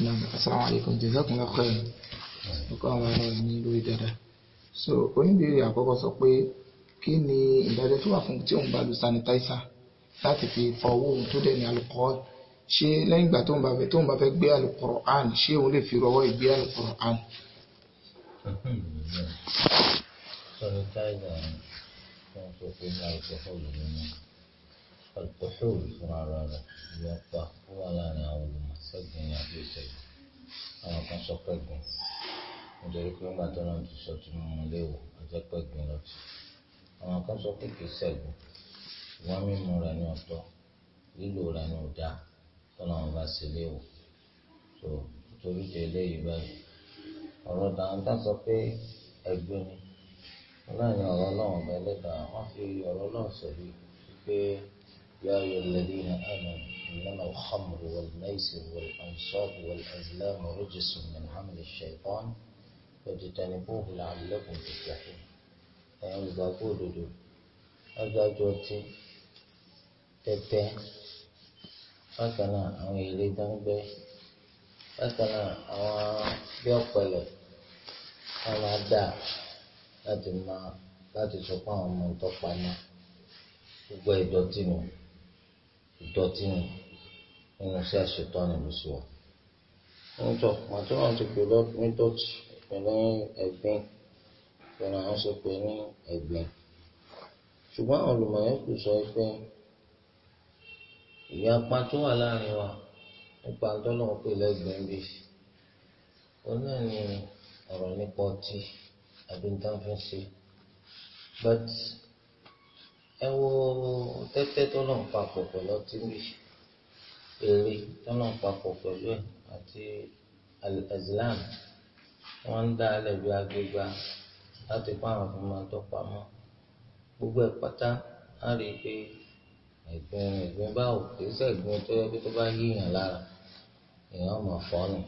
Naam, assalamu alaikum jazakumullahu khairan ọkọ àwọn ará ní lórí dáadáa so oníbèrè àkọ́kọ́ sọ pé kí ni ìdájọ́ tó wà fún tí òun bá lu sanitaisa láti fi fọ owó òun tó dẹ̀ ní alukọ́ọ̀l ṣé lẹ́yìn ìgbà tó ń bá fẹ́ tó ń bá fẹ́ gbé alukoran ṣé òun lè fi rọwọ́ ìgbé alukoran. sanitaisa wọn sọ pé ní alukọ́ọ̀lù nínú alkohol fún ara rẹ̀ ìyapa ó wà láàrin àwọn olùmọ̀ sẹ́gun ní àbí ìṣẹ́gun àwọn kan sọ pẹ́gun nítorí pé nígbà tó náà ti sọ tí mo mú léwu ọjọ́ pẹ́gun lọ sí àwọn kan sọ pé kì í ṣẹ́gun wọ́n mímu rẹ̀ ní ọ̀tọ̀ lílo rẹ̀ ní ọ̀dà tọ́lá wọn bá ṣe léwu tó torí tẹ eléyìí báyìí ọ̀rọ̀ táwọn tá sọ pé ẹgbẹ́ ni ọlọ́run ọ̀rọ̀ ọlọ́run ọ̀bẹ lẹ́dàá wọ́n fi ọ̀rọ̀ ọlọ́run sọ̀rí pé. يا أيها الذين آمنوا إنما الخمر والميسر والأنصاب والأزلام رجس من عمل الشيطان فاجتنبوه لعلكم تفلحون ẹ̀yin olùgbàgbọ́ òdodo lágbájú ọtí tẹ́tẹ́ bákan náà àwọn èrè gbọ́ngbẹ́ bákan náà àwọn bí ọ̀pẹ̀lẹ̀ wọn máa dà láti máa láti sọ pé àwọn ọmọ ìtọ́pa náà gbogbo ìdọ̀tí nù ìdọ̀tí ni nínú iṣẹ́ àṣetọ́ ni ló sì wà. wọ́n jọ màtí wọ́n ti pè ní dọ̀tí pẹ̀lú ẹ̀gbin pẹ̀lú àwọn ṣe pé ní ẹ̀gbin. ṣùgbọ́n àwọn olùmọ̀ọ́yẹ́ kò sọ pé ìyapa tó wà láàrin wa nípa tọ́lọ́wọ́ pè lẹ́gbẹ̀ẹ́ bí ó náà ni ọ̀rọ̀ nípa ọtí àbí nǹkan fi ń ṣe but ẹ wo tẹ́tẹ́ tó náà papọ̀ pẹ̀lú ọtí mi èrè tó náà papọ̀ pẹ̀lú ẹ̀ àti Islam wọ́n ń dá lẹ́bi agbègbà láti pa àwọn fún máa tọ́pa mọ́ gbogbo ẹ̀ pátá á rí i pé ẹ̀gbìn ẹ̀gbìn bá ò kì í ṣẹ̀gbìn tó yẹ kí tó bá yíyàn lára èèyàn mọ̀ fọ́nù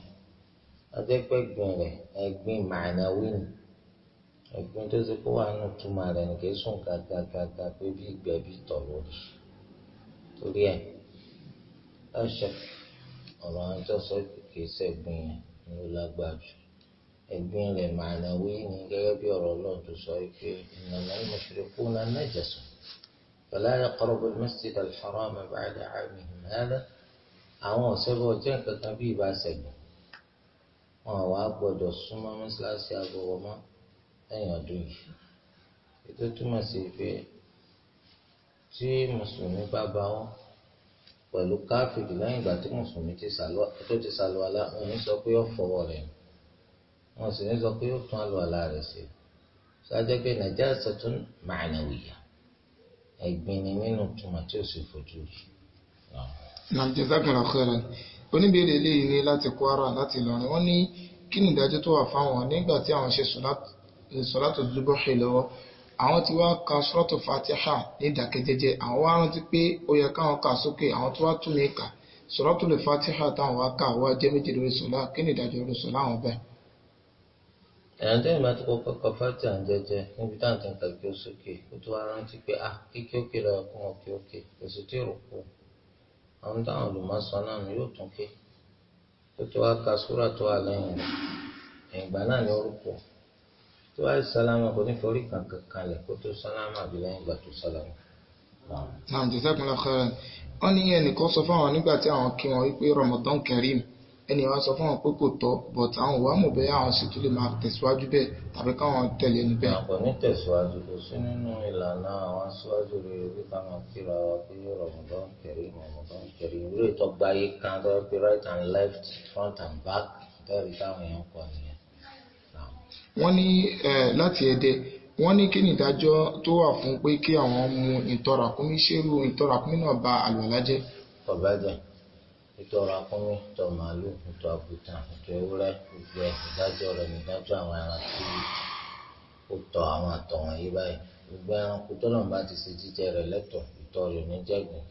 adẹ́pẹ́gbìn rẹ̀ ẹ̀gbìn màánà wíìnì ẹ̀gbin tó ṣe kó wà nù túmọ̀ rẹ̀ ní kìí sùn gàgàgàgà pé bí ìgbẹ́ bí tọ̀ lórí torí ẹ̀ láṣẹ ọ̀rọ̀ àwọn tó sọ kìí ṣẹ̀gbin yẹn ni ó lágbára jù ẹ̀gbin rẹ̀ màánàwí ni gẹ́gẹ́ bí ọ̀rọ̀ Ọlọ́run tó sọ pé ìnànà mushrikuna najasun fala yaqrabu al-masjid al-haram ba'da 'amihim hadha àwọn ọ̀sẹ́bọ̀ jẹ́ lẹ́yìn ọdún yìí ètò túmọ̀ sí pé tí mùsùlùmí bá bá wọn pẹ̀lú káfíìrì lẹ́yìn ìgbà tí mùsùlùmí tó ti sàlọ́ àlá wọn ní sọ pé ó fọwọ́ rẹ̀ wọn sì ní sọ pé ó tún àlọ́ àlá rẹ̀ sí sájẹ́ pé najasatun ma'nawiyya ẹ̀gbin ni nínú túmọ̀ tí ó sì fojú rí. jazakallahu khairan oníbèrè eléyìí ní láti Kwara láti Ìlọrin wọn ní kí ni ìdájọ́ tó wà fáwọn nígbà tí àwọn ṣe sùn láti sọ́látò dúdúbọ̀ ṣe lọ́wọ́ àwọn tí wá ka sọ́látò fatiha ní ìdákẹ́jẹ́jẹ́ àwọn wá rántí pé ó yẹ káwọn kà sókè àwọn tó wá tún ní kà sọ́látò lè fatiha táwọn wá kà wá jẹ́ méjì lórí sọ́lá kí ni ìdájọ́ lórí sọ́lá àwọn bẹ́ẹ̀. ẹ̀yàn tó ìmọ̀ àti kọ́kọ́ kọ fatiha jẹ́jẹ́ níbi táwọn tó ń kà kí ó sókè ó tó wá rántí pé ah kíkí òkè lọ́wọ́ kún òkè òkè kò sì tí ì rò kú àwọn táwọn olùmọ̀sán náà yóò tún ké tó tó wá sálámà kò ní forí kankan kalẹ̀ kó tó sálámà bí lẹ́yìn ìgbà tó sálámà. náà jẹ́sẹ̀ kan lọ kẹrẹ wọ́n ní ẹnìkan sọ fún àwọn nígbà tí àwọn kí wọn wípé Ramadan Kareem ẹnì wa sọ fún àwọn pé kò tọ́ but àwọn wàá mọ̀ bẹ́ẹ̀ àwọn sì tún lè máa tẹ̀síwájú bẹ́ẹ̀ tàbí káwọn tẹ̀lé ẹni bẹ́ẹ̀. àpò ní tẹ̀síwájú kò sí nínú ìlànà àwọn aṣáájú rere bí ká máa kíra wa pé Ramadan Kareem Ramadan Kareem ìwúrò ìtọ́gbáyé kan tó wá pé right and left front and back dábìí táwọn èèyàn kọ nìyẹn wọ́n ní láti Ẹdẹ wọ́n ní kí ni ìdájọ́ tó wà fún pé kí àwọn mu ìtọ̀ ràkúnmí ṣérú náà ba àlùwàlá jẹ́. ọba jẹ ìtọ̀ ràkúnmí ìtọ̀ màálù ìtọ̀ àgùntàn ìtọ̀ ewúrẹ́ gbogbo ẹ̀ ìdájọ́ rẹ̀ ìdájọ́ àwọn ẹran tí ó tọ̀ àwọn àtọ̀ wọ̀nyí báyìí gbogbo ẹranko tọ́lọ́mùbá ti ṣe jíjẹ rẹ̀ lẹ́tọ̀ ìtọ̀ rẹ̀ ní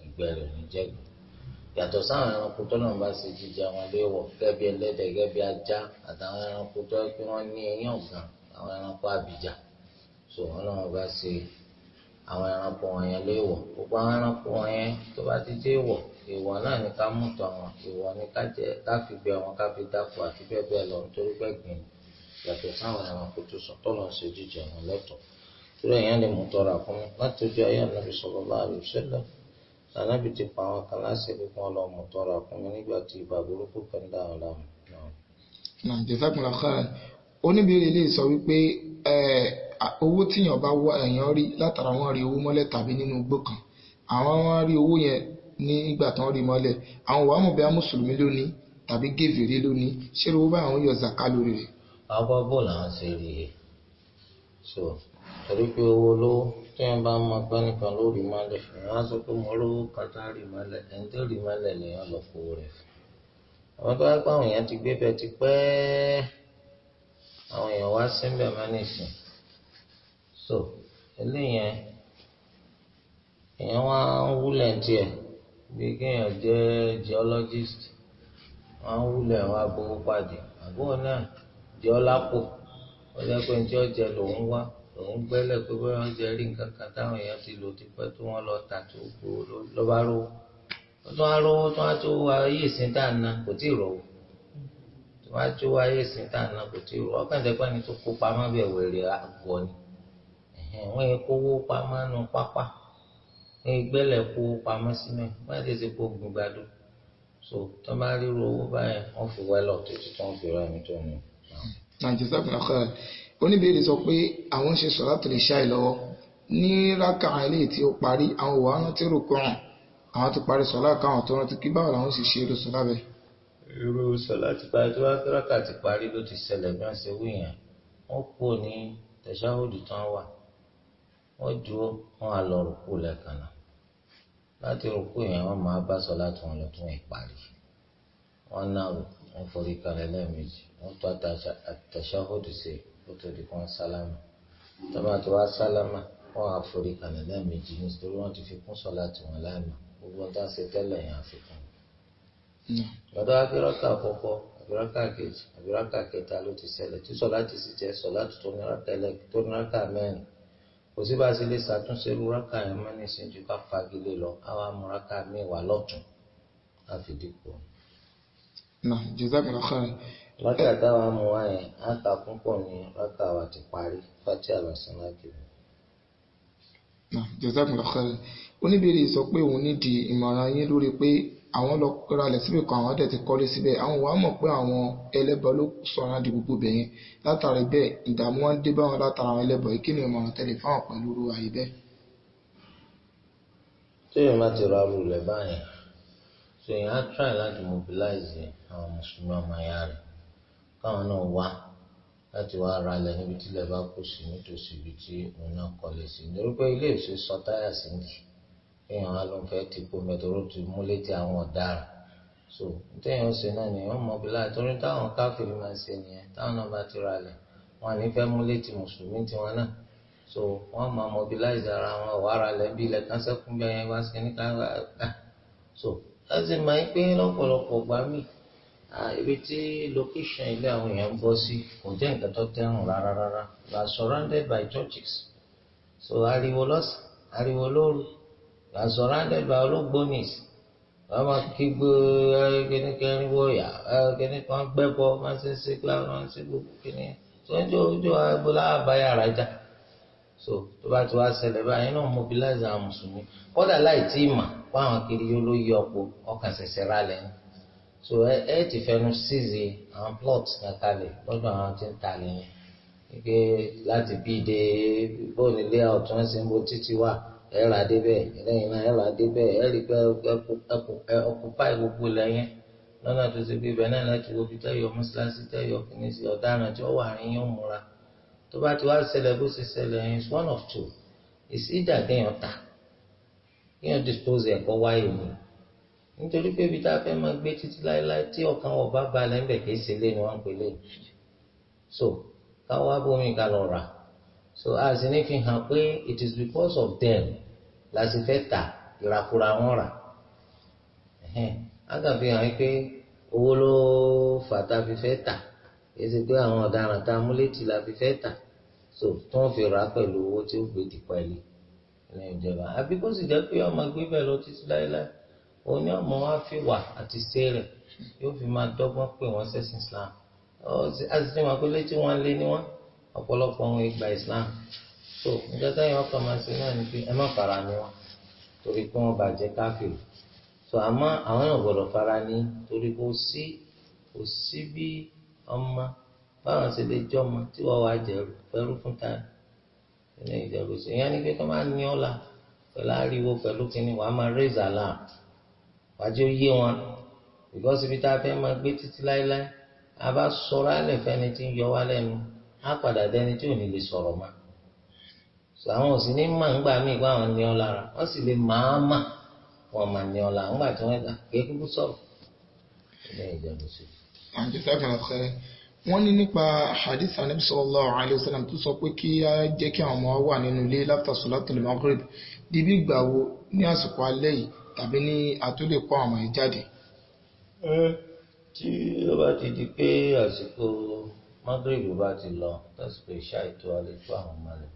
ìgbẹ́ rẹ̀ ní yàtọ̀ sáwọn ẹranko tó náà bá ṣe jíjẹ àwọn ilé wọ̀ gẹ́gẹ́ ẹlẹ́dẹ̀ gẹ́gẹ́ ajá àtàwọn ẹranko tó pé wọ́n ní eyín ọ̀gàn àwọn ẹranko àbíjà so ọlọ́run bá ṣe àwọn ẹranko wọ̀nyẹn lé wọ̀ gbogbo àwọn ẹranko wọ̀nyẹn tó bá ti dé wọ̀ ìwọ̀ náà ni ká mú tọ̀ wọn ìwọ̀ ni ká jẹ ká fi gbẹ wọn ká fi dáko àti bẹ́ẹ̀ bẹ́ẹ̀ lọ nítorí pé gbìn yàtọ̀ sáwọn ẹranko tó sọ tọ́lọ̀ ṣe jíjẹ wọn lọ́tọ̀ tó á lè mú tọrọ àkọ́mọ́ láti ojú ayé ànábì sallallahu alaihi wasallam lànàbì ti pa àwọn kan láṣẹ pé kí wọ́n lọ mú tọrọ àkúnmí nígbà tí ibà burúkú kan dá àwọn láàmú. nàìjíríà kọ́ra oníbèrè lè sọ wípé owó tíyàn bá wá èèyàn rí látara wọn rí owó mọ́lẹ̀ tàbí nínú igbó kan àwọn wọn rí owó yẹn nígbà tán rí mọ́lẹ̀ àwọn wàá mọ̀ bí wọ́n mùsùlùmí lónìí tàbí gèvèrè lónìí ṣé owó bá àwọn yọ zaka lórí rẹ̀. àwọn bọ́ọ̀lù àwọn ṣe rí i so torí pé owó lówó tí wọn bá mọ pé nìkan ló rí mọ́lẹ̀ wọn á sọ pé mo rówó kan tá rí mọ́lẹ̀ ẹni tó rí mọ́lẹ̀ lèèyàn lọ kó rẹ̀ àwọn tó wá pé àwọn èèyàn ti gbé bẹ́ẹ̀ ti pẹ́ àwọn èèyàn wá síbẹ̀ má so eléyẹn èèyàn wá ń wúlẹ̀ tiẹ̀ bí kéèyàn jẹ́ geologist wọ́n ń wúlẹ̀ wá gbowó pàdé àbúrò náà jẹ́ ọlápò ó jẹ́ pé ní tí ó jẹ lòún wá òun gbẹ́lẹ̀ pé bóyá wọ́n jẹ rí nǹkan kan táwọn èèyàn ti lò ti pẹ́ tó wọ́n lọ tà tó gbòòrò lọ́ba rówó wọ́n tún wá rówó tó wá tó ayé ìsìn tá ná kò tí ì rọ̀wọ́ tó wá tó ayé ìsìn tá ná kò tí ì rọ̀wọ́ ọkàn tẹ́pẹ́ ni tó kó pamọ́ bẹ̀ wẹ̀rẹ̀ àgọ́ ni wọ́n yẹ kówó pamọ́ nu pápá wọ́n yẹ gbẹ́lẹ̀ kówó pamọ́ sínú ẹ̀ wọ́n yẹ tètè kó gun gbadó so tó bá ríro owó báyẹn wọ́n fi wẹ́lọ̀ tó ti tó ń fi rẹ́ mi tó nù. nàìjíríà oníbèrè sọ pé àwọn ń ṣe sọ̀látùl ìṣáì lọ́wọ́ ní rákà eléyìí tí ó parí àwọn òwò àwọn tí rúkọ hàn àwọn ti parí sọ̀lá káwọn tó rántí kí báwo làwọn sì ṣe irú sọ̀lá bẹ́ẹ̀. irú sọ̀lá ti parí tó bá rákà ti parí ló ti ṣẹlẹ̀ bí wọ́n ṣe wí yẹn wọ́n kú ní tẹ̀síáhùdù tán wà wọ́n dúró wọ́n á lọ rùkú náà láti rùkú yẹn wọ́n máa bá sọ̀lá tó wọn lọ tó wọn parí wọ́n náà wọ́n forí kalẹ̀ lẹ́ẹ̀mejì wọ́n tó àtẹ̀síáhùdù sí i kó tó di kan sálámà tọ́ba tó wá sálámà wọ́n á forí kalẹ̀ lẹ́ẹ̀mejì nítorí wọ́n ti fi kún sọ́lá tiwọn lánàá gbogbo tá a ṣe tẹ́lẹ̀ yẹn àfikún. lọ́dọ̀ akérọ́kà àkọ́kọ́ àbúrákà kejì àbúrákà kẹta ló ti ṣẹlẹ̀ tí sọ́lá ti sì jẹ́ sọ́lá tó tóníraka mẹ́rin kò sí bá a ṣe lè ṣàtúnṣe rúrákà yẹn mọ́ nísìnyí ká fagilé lọ káwá múrákà mẹ́wàá lọ́tún láfi dípò. nà jẹ́sàkùnrin rákà táwa mú wá yẹn á púpọ̀ ní rákà wa ti parí fati àbàsán láti rẹ̀. jazakumullah khairan oníbèrè sọ pé òun nídìí ìmọ̀ràn yín lórí pé àwọn lọ ralẹ̀ síbì kan àwọn àdẹ̀tí kọ́lé síbẹ̀ àwọn wàá mọ̀ pé àwọn ẹlẹ́bọ ló sọ̀rọ̀ di gbogbo bẹ̀yẹn látàrí bẹ́ẹ̀ ìdààmú wọn dé báwọn látara àwọn ẹlẹ́bọ yìí kí ni ìmọ̀ràn tẹ̀lé fáwọn pẹ̀lú ru àyè bẹ́ẹ̀. téèyàn bá ti ra rú rẹ̀ báyìí ṣèyàn á try láti mobilize àwọn mùsùlùmí ọmọ ìyá rẹ̀ káwọn náà wá láti wá ra ilẹ̀ níbi tí ilẹ̀ bá kù sí nítòsí ibi tí òun náà kọ́lé sí nítorí pé ilé ìṣe sọ táyà sí nìyí kéèyàn wá ló ń fẹ́ ti kó mẹtọrọ ti múlé tí àwọn ọ̀daràn so téèyàn ṣe náà nìyẹn wọn mọ bí láì torí táwọn káfíìrì máa ń ṣe nìyẹn táwọn náà bá ti ra ilẹ̀ wọn ní fẹ́ múlé ti mùsùlùmí tiwọn náà so wọn máa mobilize ara wọn wà ra ilẹ̀ bí ilẹ̀ kan sẹ́kùn bẹ́ẹ̀ wá sí ní káńgá so láti máa ń pín lọ́pọ̀lọpọ̀ gbà Ah, ibi tí location ilé àwọn èèyàn ń bọ́ sí kò jẹ́ nǹkan tó tẹ́rùn rárá rárá we are surrounded by churches so ariwo lọ́sàn ariwo lóru we are surrounded by ológbónis wọ́n máa kí gbé kíníkẹ́rin wọ̀yà kíníkan gbẹ́bọ máa ṣe ń ṣe pé àwọn máa ń ṣe gbogbo kíní tó ń jó ojú abúlé àbáyà àràjà so tó bá ti wá ṣẹlẹ̀ báyìí náà mobilize àwọn mùsùlùmí kódà láì tí ì mà fáwọn kiri yóò ló yí ọ̀pọ̀ ọkàn ṣẹ̀ṣẹ̀ rálẹ̀ ni so ẹ ẹ ti fẹnu ṣíìsì àwọn plot kankalẹ̀ lọ́dọ̀ àwọn tí ń talẹ̀ yẹn ike láti bí de bóun ilé ọ̀tún ẹ̀ sì ń bo títí wà ẹ̀ rà débẹ̀ ẹ̀lẹ́yìn náà ẹ̀ rà débẹ̀ ẹ̀ rí pé ọkùpá gbogbo lẹ́yìn lọ́nà tó ṣe pé ibẹ̀ náà láti wo fi tẹ́yọ̀ mọ́ṣáláṣí tẹ́yọ̀ kìnìṣì ọ̀daràn tí ó wà ní yóò múra tó bá ti wá ṣẹlẹ̀ bó ṣe ṣẹlẹ̀ yẹn is one of two is either kéèyàn ta kéèyàn dispose ẹ̀kọ́ wáyé mi nítorí pé ibi tá a fẹ́ máa gbé títí láéláé tí ọkàn wọn bá balẹ̀ ń bẹ̀ kì í ṣe lé ni wọ́n ń pè lé so káwá bómi ká lọ rà so a sì ní fi hàn pé it is because of them la sì fẹ́ tà ìrakura wọn rà ágà fi hàn pé owó ló fàtà fi fẹ́ tà kì í ṣe pé àwọn ọ̀daràn tá a mú létí la fi fẹ́ tà so tó ń fi rà pẹ̀lú owó tí ó gbé dìpọ̀ ẹ̀ lé ilé ìjọba àbí kó sì jẹ́ pé ọmọ gbé bẹ́ẹ̀ lọ títí láéláé òun yóò mọ wá fi wà àti ṣe rẹ̀ yóò fi máa dọ́gbọ́n pé wọ́n ṣẹ̀sìn islam àti wọn pé létí wọn lé ní wọn ọ̀pọ̀lọpọ̀ wọn ìgbà islam tó nígbà táyà wọn kàn máa ṣe náà ni pé ẹ má fara ni wọn torí pé wọn bàjẹ́ káfíìn tó àmọ́ àwọn náà gbọ́dọ̀ fara ni torí pé ó sí kò sí bí ọmọ báwọn ṣe lè jọ ọmọ tí wọ́n wá jẹ̀rù pẹ̀lú fún ta ẹni ìjẹ̀rù sí ìyá ni pé kí wọ́n máa ní ọ̀la pẹ̀lú ariwo pẹ̀lú kínní wàá máa raise alarm wájú yé wọn because ibi tá a fẹ́ máa gbé títí láéláé a bá sọ̀rọ̀ alẹ́ fẹ́ni tí ń yọ wá lẹ́nu á padà dẹni tí ò ní lè sọ̀rọ̀ mọ́ àwọn ò sì ní mọ̀ nígbà míì pé àwọn ní ọ lára wọ́n sì lè máa mà wọ́n mà ní ọ lára nígbà tí wọ́n gbà pé kúkú sọ̀rọ̀ wọ́n ní nípa hadith anabi sallallahu alayhi wa sallam tó sọ pé kí á jẹ́ kí àwọn ọmọ wa wà nínú ilé látàsọ̀ látàlẹ́ maghrib díbí ìgbà wo ní àsìkò alẹ́ yìí tàbí ní a tó lè kó àwọn ìjáde. tí ó bá ti di pé àsìkò magreth bá ti lọ lásìkò iṣẹ́ àìtó a lè tó àwọn ọmọ rẹ̀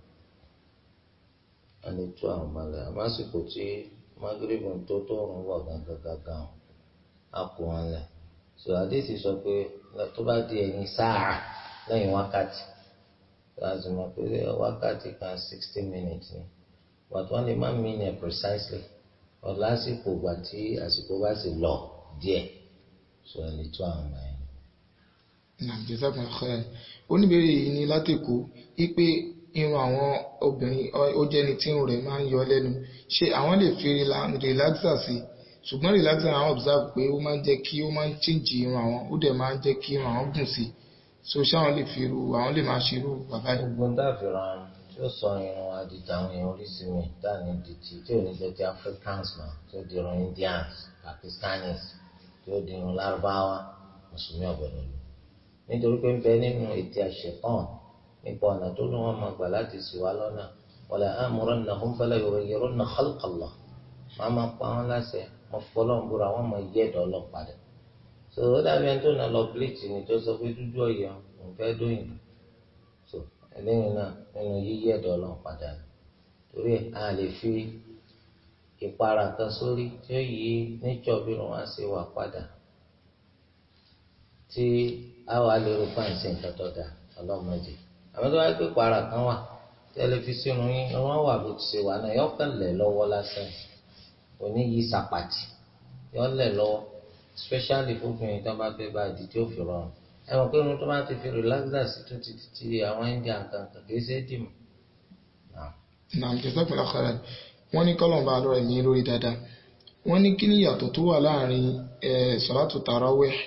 àwọn ọmọ àmọ́ àsìkò tí magreth ń tó tó ń wọ̀ gangan gangan a kò wọn lẹ̀ so àdéhìí ti sọ pé tó bá di ẹ̀yìn sáà lẹ́yìn wákàtí láti mọ̀ pé wákàtí kan sixty minutes ni but wọ́n lè má mean precisely ọ̀la àsìkò gbà tí àsìkò bá sì lọ díẹ̀ sọ ẹ lè tó àwọn ọmọ yẹn. nàìjíríà kan oníbèrè yìí ni látẹ̀kù wípé irun àwọn obìnrin ó jẹ́ ni tí irun rẹ̀ máa ń yọ lẹ́nu ṣé àwọn lè fi rìláxà sí ṣùgbọ́n rìláxà àwọn observe pé ó máa ń jẹ́ kí ó máa ń chíǹjì irun àwọn ó dẹ̀ máa ń jẹ́ kí irun àwọn gùn sí so ṣé àwọn lè fi irú àwọn lè máa ṣe irú bàbá yìí. gbogbo dáàfin ra tí ó sọ irun adìjà àwọn èèyàn oríṣi mi dání dìtì tí ò ní jẹ́ ti africans mà tí ó di irun indians pakistanis tí ó di irun lárúbáwá mùsùlùmí ọ̀gbọ̀dọ̀ lò nítorí pé ń bẹ nínú ètí àṣetán nípa ọ̀nà tó ní wọ́n máa gbà láti sì wá lọ́nà wala amurannahum fala yughayyirunna khalqallah máa máa pa wọ́n láṣẹ wọ́n fọlọ́ búra wọ́n máa yí ẹ̀dọ̀ ọlọ́pàá dẹ̀ so dàbí ẹni tó na lọ bíléètì ni tó sọ pé dúdú ọ̀yọ́ òun eléyìí náà nínú yíyí ẹ̀dọ̀ ọlọ́run padà torí ẹ̀ a lè fi ìpara kan sórí tí ó yí níjọ́ bí wọ́n á ṣe wà padà tí a wà lérò fáǹsì nǹkan tó dáa ọlọ́mọdé àwọn tó wáá pé ìpara kan wà tẹlifíṣọ̀nù yín wọ́n wà bó ti ṣe wà náà yọ kàn lẹ̀ lọ́wọ́ lásán òní yí sàpàtì yọ lẹ̀ lọ́wọ́ especially fún obìnrin tó bá fẹ́ bá àdìjọ́ fi rọrùn ẹ mọ̀ pé wọn tó bá ti fi relaxa sí tó ti ti àwọn India kankan kì í ṣe é dì mọ́. nàìjíríà jọ́sọ́pọ̀ lọ́kọ̀ọ́lá wọ́n ní kọ́lọ̀mbà lọ́rẹ̀ mi lórí dáadáa wọ́n ní kí ni ìyàtọ̀ tó wà láàrin sọ́látù tarawih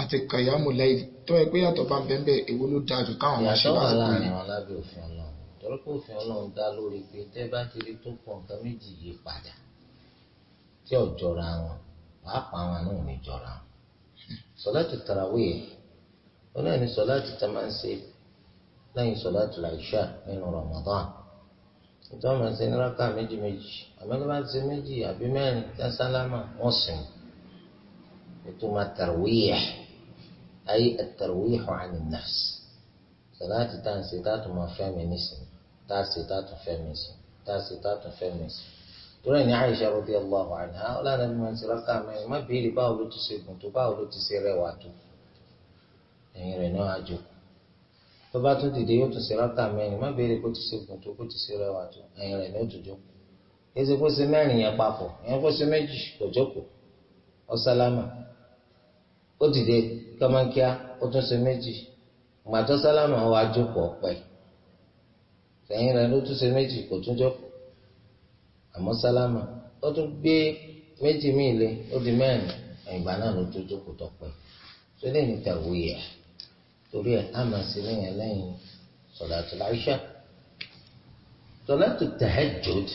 àti kàyámù láìlì tó ẹ pé yàtọ̀ bá ń bẹ́ẹ̀ bẹ́ẹ̀ èwo ló dáa jù káwọn máa pé tí ò wọn pàápàá wọn náà ò ní jọra wọn. Hmm. sọ́látù tarawih náà ní sọláàtì tá a máa ń ṣe lẹ́yìn sọláàtì làìṣà nínú Ramadan nítorí wọn máa ń ṣe níraka méjì méjì àmọ́ tó bá ń ṣe méjì àbí mẹ́rin tá a sálámà wọ́n sìn ètò máa tarwiyah ayé at-tarwih 'an an-nafs sọláàtì tá a ń ṣe tá a tún máa fẹ́ mi nísìn tá a fẹ́ mi sìn tá a fẹ́ mi sìn torí ní Aisha radiyallahu anha ọlọ́run ẹni máa ń ṣe níraka ẹ̀yìn rẹ̀ náà á jókòó tó bá tún dìde yóò tún ṣe rákà mẹ́rin má béèrè kó ti ṣe gùn tó kó ti ṣe rẹwà tó ẹ̀yìn rẹ̀ náà tún jókòó èsì kó ṣe mẹ́rin yẹn papọ̀ ẹ̀yìn kó ṣe méjì kò jókòó ọ̀sálámà ó dìde kọ́mọ́kíá ó tún ṣe méjì gbàtọ́ sálámà wa jókòó ọ̀pẹ́ ẹ̀yìn rẹ̀ ló tún ṣe méjì kò tún jókòó àmọ́ sálámà ó tún gbé méjì míì lé ó di mẹ́rin ẹ̀yìn ìgbà náà ló tún jókòó tọ̀pẹ́ tó lè ní tàwé yẹn torí ẹ̀ á máa ṣe lẹ́yìn lẹ́yìn sọ̀làtù láṣà sọ̀làtù tahajjud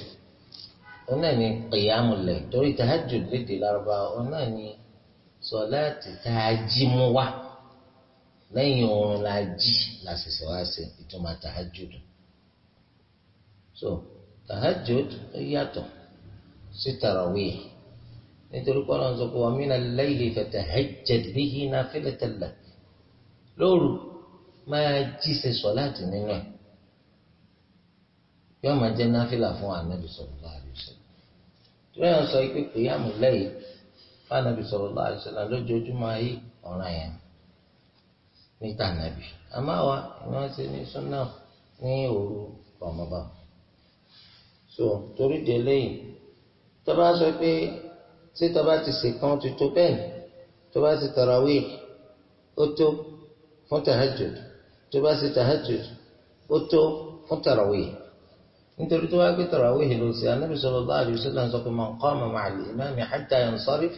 òun náà ni qiyamul layl torí tahajjud lédè lárúbá òun náà ni sọ̀làtù tààjímúwá lẹ́yìn oorun la jí làṣẹṣẹ wá ṣe ìtumọ̀ tahajjud so tahajjud yàtọ̀ sí tarawih nítorí pé ọlọ́run sọ pé wa mina al-layli fatahajjad bihi nafilatan lak lóru máa jí ṣe sọláàtì nínú ẹ̀ yóò máa jẹ́ náfìlà fún ànábì sallallahu alaihi wasallam tí wọ́n sọ pé kìyàmù lẹ́yìn fún ànábì sallallahu alaihi wasallam lójoojúmọ́ ayé ọ̀ràn yẹn níta ànábì àmọ́ àwa ni wọ́n ṣe ní súnà ní òru ọ̀mọ̀bà so torí de lẹ́yìn tó bá sọ pé tí tó bá ti ṣèkan ti tó bẹ́ẹ̀ tó bá ti tarawih ó tó fún tahajjud tó bá ṣe tahajjud ó tó fún tarawih nítorí tó wá gbé tarawih ló ṣe anábì sallallahu alaihi wasallam sọ pé man qama ma'al imami hatta yansarif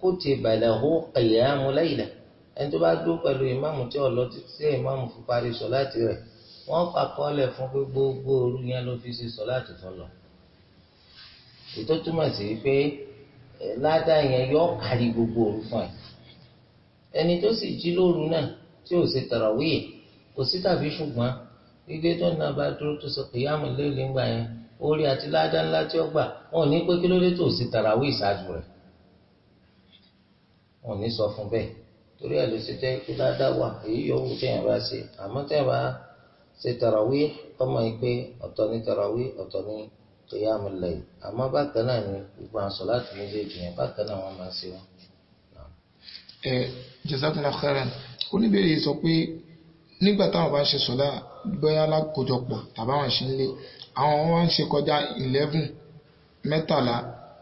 kutiba lahu qiyamu layla ẹni tó bá dúró pẹ̀lú ìmáàmù tí ó lọ títí sí ìmáàmù fún parí sọ̀láàtì rẹ̀ wọ́n pàkọ́lẹ̀ fún pé gbogbo òru yẹn ló fi ṣe sọ̀láàtì fọlọ́ ètò túmọ̀ sí pé eh, ládàá yẹn yọ kárí gbogbo òru fún ẹ ẹni tó sì jí lóru náà tí ò ṣe tarawih kò sí tàbí ṣùgbọ́n gbígbé tó ń nàbà dúró tó sọ qiyamul layl ńgbà yẹn orí àti ládá ńlá tí ó gbà wọn ò ní pé kí ló dé tó ṣe tarawih ìṣáájú rẹ̀ wọn ò ní sọ fún bẹ́ẹ̀ torí ẹ̀ ló ṣe jẹ́ pé ládá wà èyí yòówù téèyàn bá ṣe àmọ́ téèyàn bá ṣe tarawih ọmọ yìí pé ọ̀tọ̀ ní tarawih ọ̀tọ̀ ní qiyamul layl àmọ́ bákan náà ni gbogbo àṣọ láti méjèèjì yẹn bákan náà wọ́n máa ṣe wọn. ẹ eh, jazakallahu khairan oníbèrè sọ pé nígbà táwọn bá ń ṣe sọ̀dá bóyá lákòjọpọ̀ tàbáwọn ṣe ń lé àwọn wá ń ṣe kọjá eleven mẹ́tàlá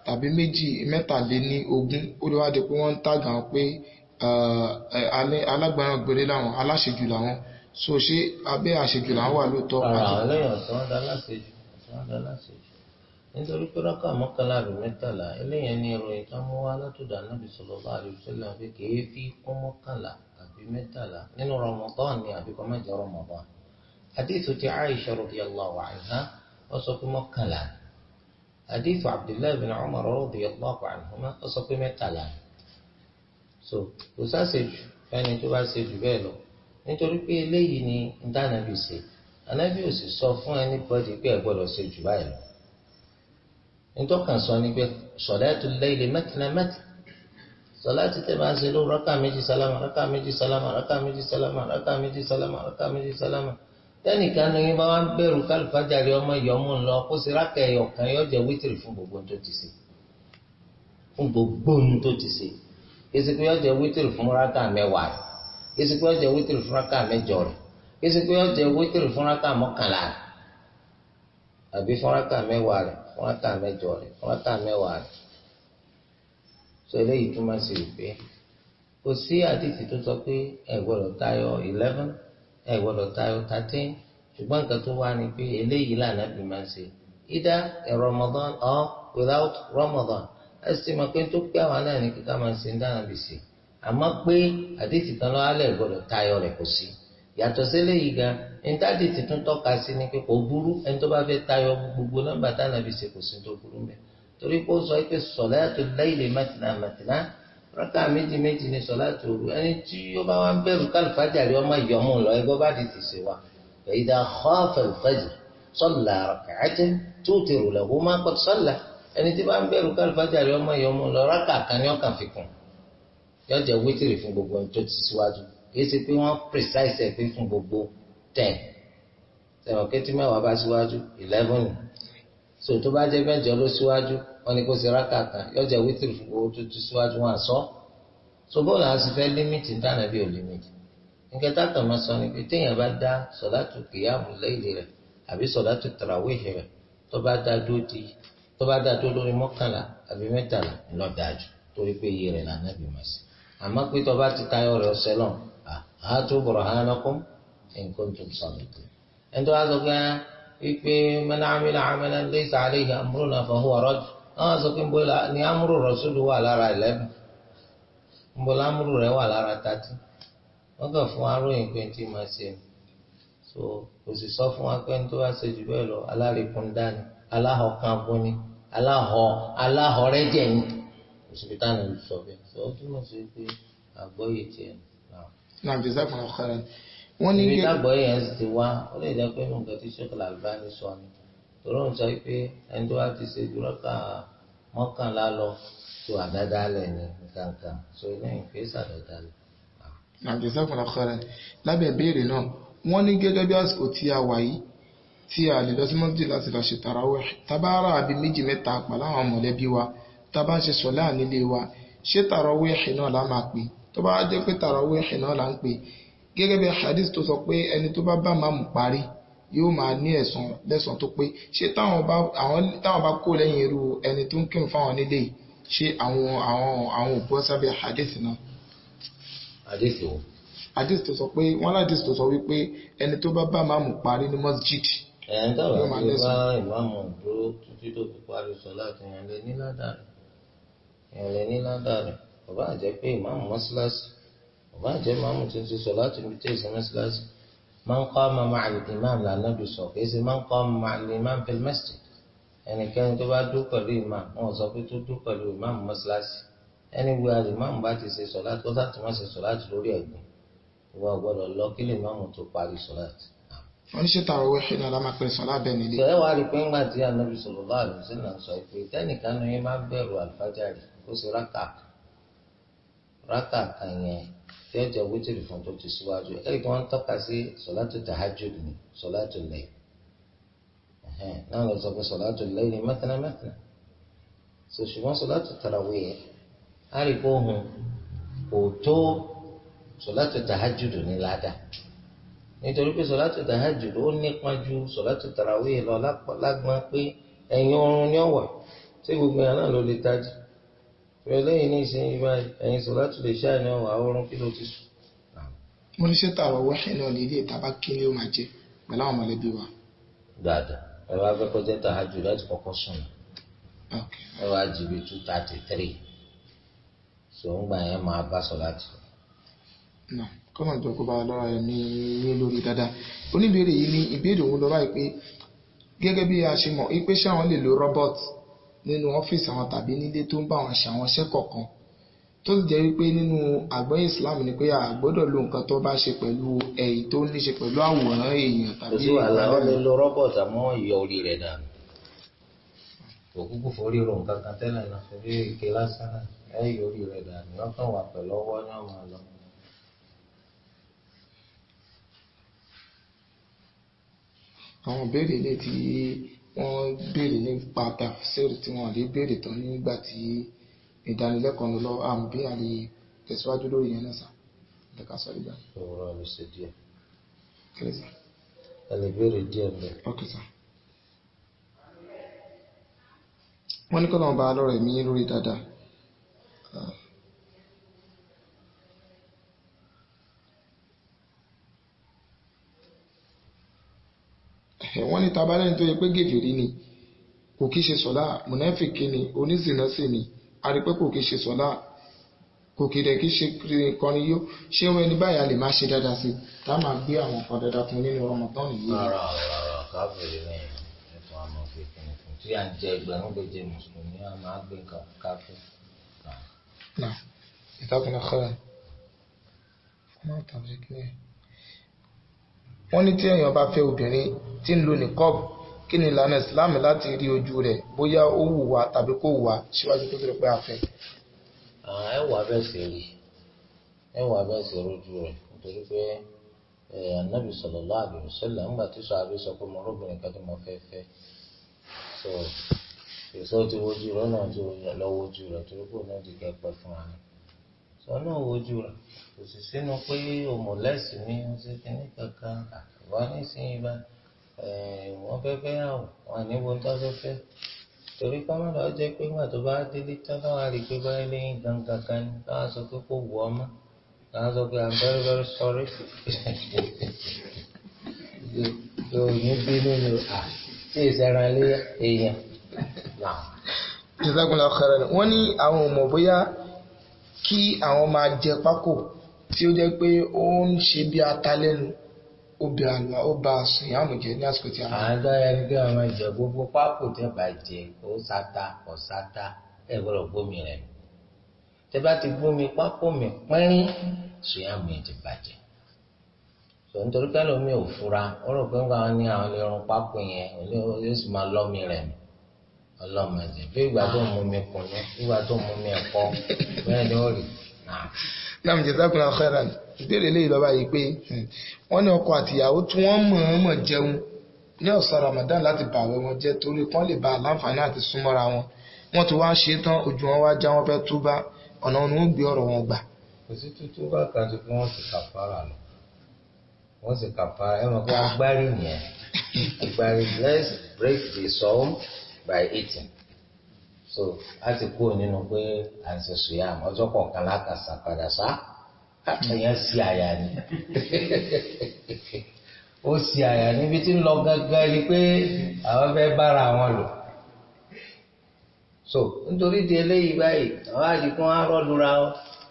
tàbí méjì mẹ́tàléní ogún ó lè wá di pé wọ́n ń tàgà wọn pé alágbára gbére làwọn aláṣejù làwọn so ṣé abẹ́ àṣejù làwọn wà lóòótọ́. ara àwọn lẹ́yìn ọ̀sán wọn dá láṣejù ọ̀sán wọn dá láṣejù nítorí pé rákà mọ́kànlá rẹ̀ mẹ́tàlá eléyẹn ní ìròyìn tó mú wá látọ̀dọ̀ ànábì sallallahu alaihi wasallam pé kì í fi kún mọ́kànlá àbí mẹ́tàlá nínú Ramadan ni àbí kọ́ mẹ́jọ Ramadan hadithu ti Aisha radiyallahu anha ó sọ pé mọ́kànlá hadithu Abdullahi bin Umar radiyallahu anhuma ó sọ pé mẹ́tàlá so kò sáṣejù fẹ́ni tó bá ṣejù bẹ́ẹ̀ lọ nítorí pé eléyìí ni dánàbì ṣe anábì ò sì sọ fún anybody pé ẹ gbọ́dọ̀ ṣejù báyìí lọ nítorí kan sọ ni pé salatul layli mẹ́tìlá mẹ́tìlá sọláàtì tẹ máa ń ṣe lóru rákà méjì sálámà rákà méjì sálámà rákà méjì sálámà rákà méjì sálámà rákà méjì sálámà tẹnìkan ní yín bá wá ń bẹ̀rù kálífàjárì ọmọ ìyọmú lọ kó sì rákà ẹyọ kan yóò jẹ wítìrì fún gbogbo ohun tó ti ṣe fún gbogbo ohun tó ti ṣe ezekiel yóò jẹ wítìrì fún rákà mẹ́wàá rẹ̀ ezekiel yóò jẹ wítìrì fún rákà mẹ́jọ rẹ̀ ezekiel yóò jẹ wítìrì fún rákà mọ́kànlá rẹ̀ àbí fún rákà mẹ́wàá rẹ̀ fún rákà mẹ́jọ rẹ̀ fún rákà mẹ́wàá rẹ̀ sọ eléyìí túmọ̀ sí wípé kò sí àdìsí tó sọ pé ẹ gbọ́dọ̀ tayọ eleven ẹ gbọ́dọ̀ tayọ thirteen ṣùgbọ́n nǹkan tó wá ni pé eléyìí lànà bí máa ṣe either a Ramadan or without Ramadan ẹ sì mọ̀ pé tó pé àwọn náà ní kíkà máa ń ṣe ń dáná bì sí àmọ́ pé àdìsí kan lọ́wọ́ alẹ́ tayọ rẹ̀ kò sí yàtọ̀ sí eléyìí gan níta-dìsí tọ́ka sí ni pé kò burú ẹni tó bá fẹ́ tayọ gbogbo nọ́mbà tánàbì ṣe kò sí tó burú mẹ́ta torí pé ó sọ pé sọ̀láàtù láìlè mẹ́tìlá mẹ́tìlá rákà méjì méjì ni sọ̀láàtù òru ẹni tí ó bá wá ń bẹ̀rù kálífàjàrí ọmọ ìyọ̀mú lọ ẹgbẹ́ bá di tìṣe wa ìdá khafa al-fajr salla rak'atan tutiru lahu ma qad salla ẹni tí bá ń bẹ̀rù kálífàjàrí ọmọ ìyọ̀mú lọ rákà kan ni ọkàn fi kùn yóò precise ẹ̀ pé ten sẹ̀wọ̀n kẹ́tí mẹ́wàá bá síwájú eleven so tó bá jẹ́ mẹ́jọ ló síwájú wọ́n ní kó ṣe rákà kan yóò jẹ́ wítìrì fún owó tó ti síwájú wọn àsọ ṣùgbọ́n làá sì fẹ́ límìtì dáná bí ò límìtì nǹkan tá a kàn máa sọ ni pé téèyàn bá dá sọ̀dátù kìyàmù lẹ́yìn rẹ̀ àbí sọ̀dátù tàràwéhì rẹ̀ tó bá dá dó di tó bá dá dó lórí mọ́kànlá àbí mẹ́tàlá ńlọ dájú torí pé iye rẹ̀ là nàbì máa sí àmọ́ pé tó bá ti tayọ rẹ̀ ọ̀sẹ̀ lọ àá tó bọ̀rọ̀ hàn nǹkan tó sọ nìkan ẹni tó wá sọ pé wípé mẹ́nàmílà àmẹ́lá lẹ́sà àlẹ́ àwọn sọ pé ni amúrò rọ̀ṣúlù wà lára eleven nbola amúrò rẹ̀ wà lára thirty wọ́n kàn fún aróyìn pé tí so kò sì sọ fún wa pé tó bá ṣe jù bẹ́ẹ̀ lọ alárìkún dání aláhọ̀ kan ni aláhọ̀ aláhọ̀ rẹ̀ jẹ̀ ní bẹ́ẹ̀ so ó túmọ̀ sí pé tiẹ̀ náà. tọ́lọ́run sọ pé ẹni tó bá ti ṣe dúrọ́kà mọ́kànlá lọ tó àdádálẹ̀ ní kankan so lẹ́yìn pé sàdádálẹ̀. àjọṣẹ́kùn ọ̀kọ́rẹ́ lábẹ́ ìbéèrè náà wọ́n ní gẹ́gẹ́ bí àsìkò tí a wà yìí tí a lè lọ sí mọ́tì láti lọ ṣe tàràwẹ̀ tábàárà àbí méjì mẹ́ta pàlà àwọn mọ̀lẹ́bí wa tábà ń ṣe sọ̀lá nílé wa ṣé tàràwẹ̀ náà la máa pè tó bá jẹ́ pé tàràwẹ̀ náà la ń pè gẹ́gẹ́ bí hadith tó sọ pé ẹni tó bá bá máa mú parí yóò máa ní ẹ̀san lẹ́san tó pé ṣé táwọn bá táwọn bá kó lẹ́yìn irú ẹni tó ń kírun fáwọn nílé yìí ṣé àwọn àwọn àwọn òbú sábẹ́ hadith náà. hadith o. hadith tó sọ pé wọn hadith tó sọ wípé ẹni tó bá bá máàmù parí ní masjid. ẹ̀ẹ́n táwọn àti bá ìmáàmù dúró títí tó fi parí sọ láti yàn lé ní ládàrẹ̀ yàn lé ní ládàrẹ̀ bàbá àjẹ́ ìmáàmù mọ́ṣáláṣí bàbá àjẹ́ ìmáàmù tuntun sọ láti fi tẹ̀sán mọ́ṣáláṣí man qama ma'al imam lànàbì sọ kìí ṣe man qama ma'al imam fil masjid ẹnikẹ́ni tó bá dúró pẹ̀lú imam wọn sọ pé tó dúró pẹ̀lú imam mọ́ṣáláṣí ẹni wíwá imam bá ti ṣe sọ̀láàtì kọ́sá tí wọ́n ṣe sọ̀láàtì lórí ẹ̀gbìn ìwà ọ̀gbọ́dọ̀ lọ kí lè imam tó parí sọ̀láàtì. wọ́n ṣe tàwọn owó ìṣẹ̀lẹ̀ alámàpẹ̀ sọ̀lá bẹ́ẹ̀ nílé. sọ ẹ wá rí i pé ńgbà tí anabi sallallahu alaihi wasallam sọ pé tẹ́nìkan ni máa bẹ̀rù àlùfájàrí ó ṣe rákà rákà kan yẹn tí ó jẹ wítìrì fún tó ti síwájú ẹ̀rí kí wọ́n tọ́ka sí sọ̀látù tahajjud ni sọ̀látù layl náà lọ sọ pé sọ̀látù layl ni mẹ́tẹ́nà mẹ́tẹ́nà sọ ṣùgbọ́n sọ̀látù tarawih yẹn á rí kó hun kò tó sọ̀látù tahajjud ní ládàá nítorí pé sọ̀látù tahajjud ó nípọn ju sọ̀látù tarawih lọ lágbọ́n pé ẹ̀yin oorun ni ọ̀wà tí gbogbo yàrá ló lè tají eléyìí ní ìsinyìí báyìí ẹ̀yin sọ láti lè ṣáà ní ọ̀wà kí ló ti sùn. mo ní sẹ́tà ọwọ́ ẹ̀ náà ní ilé ìtaba kí ni a jù láti kọ́kọ́ sùn ẹ wá jì bí two thirty three so ń gbà yẹn máa bá sọ láti. kọ́nà ìjọ kó bá a lọ́ra ẹ̀ ní ní lórí oníbèrè yìí ní ìbéèrè òun nínú ọ́fíìsì àwọn tàbí nílé tó ń bá wọn ṣe àwọn iṣẹ́ kọ̀ọ̀kan tó sì jẹ́ wípé nínú àgbọ́yé Islam ni pé a gbọ́dọ̀ lo nǹkan tó bá ṣe pẹ̀lú èyí tó ní ṣe pẹ̀lú àwòrán èèyàn tàbí èyí tó wà ó lè lo robot àmọ́ ìyọ̀ orí rẹ̀ dànù òkúkú forí ro nǹkan kan tẹ́lẹ̀ náà forí ike lásán náà ẹ̀ ìyọ̀ orí rẹ̀ dànù ọkàn wà pẹ̀lú ọwọ́ ní ọmọ lọ. àwọn ìbéèrè lè ti wọ́n béèrè nípa tafsir tí wọ́n lè béèrè tán nígbà tí ìdánilẹ́kọ̀ọ́ ń lọ àmọ́ bí a lè tẹ̀síwájú lórí yẹn náà sà lẹ́ka sọ ìgbà. ọ̀rọ̀ mi ṣe díẹ̀. kílẹ̀ sà. a lè béèrè díẹ̀ mi. ok sà. wọ́n ní kọ́nà ọba lọ́rọ̀ ẹ̀mí lórí dáadáa. wọ́n ní tabalẹ́ni tó yẹ pé gèfèrí ni kò kí ṣe sọ́lá mùnáfìkì ni onízìnà sì ni arípẹ́ kò kí ṣe sọ́lá kò kí rẹ̀ kí ṣe kọni yó ṣé wọn ẹni báyà lè máa ṣe dáadáa sí tá a máa gbé àwọn nǹkan dáadáa fún nínú Ramadan yìí. rárá rárá káfíìrì ni ẹ̀fọn àmọ́ fi kún un tí à ń jẹ ẹgbẹ̀rún gbèjẹ mùsùlùmí a máa gbé káfíìrì. نعم جزاكم الله wọ́n ní tí èèyàn bá fẹ́ obìnrin tí ń lo nìkọ́ọ̀bù kí ni ìlànà ìsìláàmù láti rí ojú rẹ̀ bóyá ó wù wá tàbí kò wù wá síwájú tó tẹ̀lé pé a fẹ́. ẹ wà bẹ́ẹ̀ sì rí ẹ wà bẹ́ẹ̀ sì rójú rẹ̀ nítorí pé anabi sallallahu alaihi wasallam ńgbà tí sọ àbí sọ pé mo rọ́bìnrin kan tí mo fẹ́ fẹ́ so èso ti wojú rẹ̀ náà ti lọ wojú rẹ̀ torí pé òun náà ti kẹ́ pẹ́ fún wa ni sọ náà wojú rẹ̀ kò sì sínú pé o mọ̀ lẹ́sìn ní o ṣe kíní kankan àwa nísìnyí bá wọ́n fẹ́ fẹ́ àwọ̀ wọn àníwò tó fẹ́ fẹ́ torí kámẹ́rà jẹ́ pé ńgbà tó bá délé tán káwá rí pé báyìí lẹ́yìn gangan kan ni káwá sọ pé kò wù ọmọ káwá sọ pé i'm very very sorry yóò ní bínú ni à tí ìsẹ̀ràn lé èèyàn náà jazakumullahu khairan wọ́n ní àwọn ọmọ bóyá kí àwọn máa jẹ pákó tí ó jẹ́ pé ó ń ṣe bí ata lẹ́nu ó bẹ àlùwà ó ba sùn ìyáàmù jẹ ní àsìkò tí a. àádọ́ ẹni kí ọmọ ìjẹ gbogbo pákó tẹ bàjẹ́ ó sáta ó sáta ẹ gbọ́dọ̀ gbómi rẹ̀ tẹ bá ti gbómi pákó mi pínrín sùn ìyáàmù yẹn ti bàjẹ́ tòun torí kálọ̀ mi ò fura ó rò pé nǹkan ní àwọn ilé irun pákó yẹn yóò sì máa lọ́mi rẹ̀ mi ọlọ́mọdé bí ìgbà tó mú mi kùn ní ìgbà tó mú mi ẹ̀kọ́ bẹ́ẹ̀ ni ó rí náà mi jẹ́sà kúnlá khairan ìbéèrè lè lọ́ba yìí pé hmm, wọ́n ní ọkọ àtìyàwó tí wọ́n mọ̀ọ́mọ̀ jẹun ní ọ̀sán Ramadan láti bàwẹ̀ wọn jẹ́ torí kán lè ba àlàǹfààní àti súnmọ́ra wọn wọ́n ti wá ṣe tán ojú wọn wá já wọn fẹ́ túbá ọ̀nà ni wọ́n gbé ọ̀rọ̀ wọn gbà. kò sí tútú bá kan ju pé wọ́n ti kàfàrà lọ wọ́n ti kàfàrà ẹ̀ mọ̀ pé agbárí yẹn agbárí let's break the song by eating so a ti kúrò nínú pé à ń ṣe sùúyà ọjọ́ kọ̀ọ̀kan lákàṣà padà sá àtẹ̀yàn sí àyà ni ó sì àyà níbi tí ń lọ gángan ni pé àwọn fẹ́ bára àwọn lò so nítorí di eléyìí báyìí àwọn àdìgún á rọ́lura ọ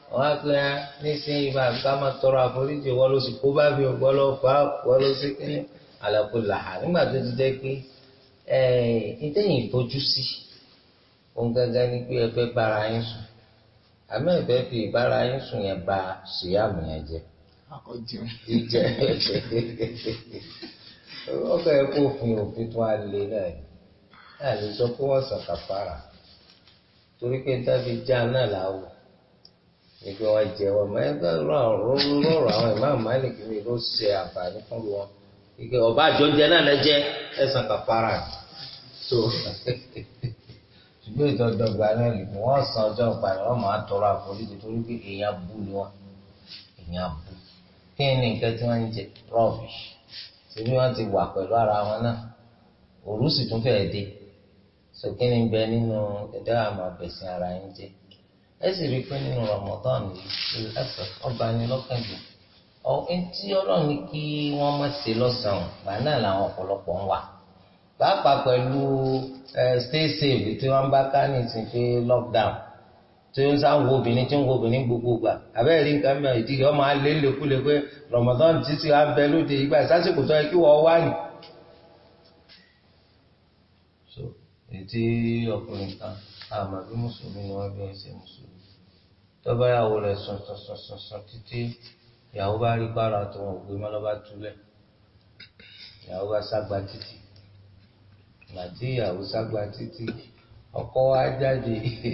àwọn akẹ́yà nísìnyí bá ká máa tọrọ àforíjì wọ́n ló sì kó bá fi ọgbọ́n lọ fà á ló sì kí ni àlàkùn làhà nígbà tó ti jẹ́ pé ẹ̀ẹ́dẹ́yìn fojú sí ohun gángan ni pé ẹ fẹ́ bára yín sùn àmọ́ ẹ fẹ́ fi ìbára yín sùn yẹn ba síyàmù yẹn jẹ. ìjẹ ọkọ ẹ kó òfin òfin tó wá lé náà ni náà lè sọ pé wọ́n sàn kàfàrà torí pé dábì já náà làwọ̀ ìgbẹ́ wọn jẹ wọn mọ ẹgbẹ́ rọrùn àwọn ìmáàmù Málíkì ni ló ṣe àǹfààní fún wọn ọba àjọ jẹ náà lẹ́jẹ́ ẹ̀sán kàfàrà tó ṣùgbọ́n ìdọ́dọ́gba náà lè wọ́n san ọjọ́ ìpàdé wọ́n máa tọrọ àforíjì torí pé èèyàn bú ni wọ́n èèyàn bú kí ni nǹkan tí wọ́n ń jẹ rubbish ṣebí wọ́n ti wà pẹ̀lú ara wọn náà òru sì tún fẹ́ẹ́ dé sókè ní bẹ nínú ẹ̀dá àmọ́ ara yín jẹ ẹ sì rí i pé nínú Ramadan yìí ẹ̀fẹ̀ ọba ni lọ́kàn jù ọ̀ ẹni tí Ọlọ́run ní kí wọ́n má ṣe lọ́sàn-án gbà náà làwọn ọ̀pọ̀lọpọ̀ ń wà pàápàá pẹ̀lú stay safe tí wọ́n bá ká ní ìsìn pé lockdown tí ń sáà ń wo obìnrin tí ń wo obìnrin gbogbo gbà àbẹ́rẹ́ rí nǹkan mẹ́rin ìdí rẹ̀ ọmọ alẹ́ lèkúlẹ̀ pé Ramadan títí wà ń bẹ lóde ìgbà ìsásìkò tó yẹ kí wọ́n wá ní. so ètí ọkùnrin kan àmọ́ bí mùsùlùmí ni wọ́n bí ń ṣe mùsùlùmí tọ́ba ìyàwó rẹ̀ sùn sùn sùn sùn sùn títí ìyàwó bá rí bára tó wọn ògbé mọ́ lọ́ba túlẹ̀ ìyàwó bá sàgbà títí ìgbà tí ìyàwó ságbá títí ọkọ wa jáde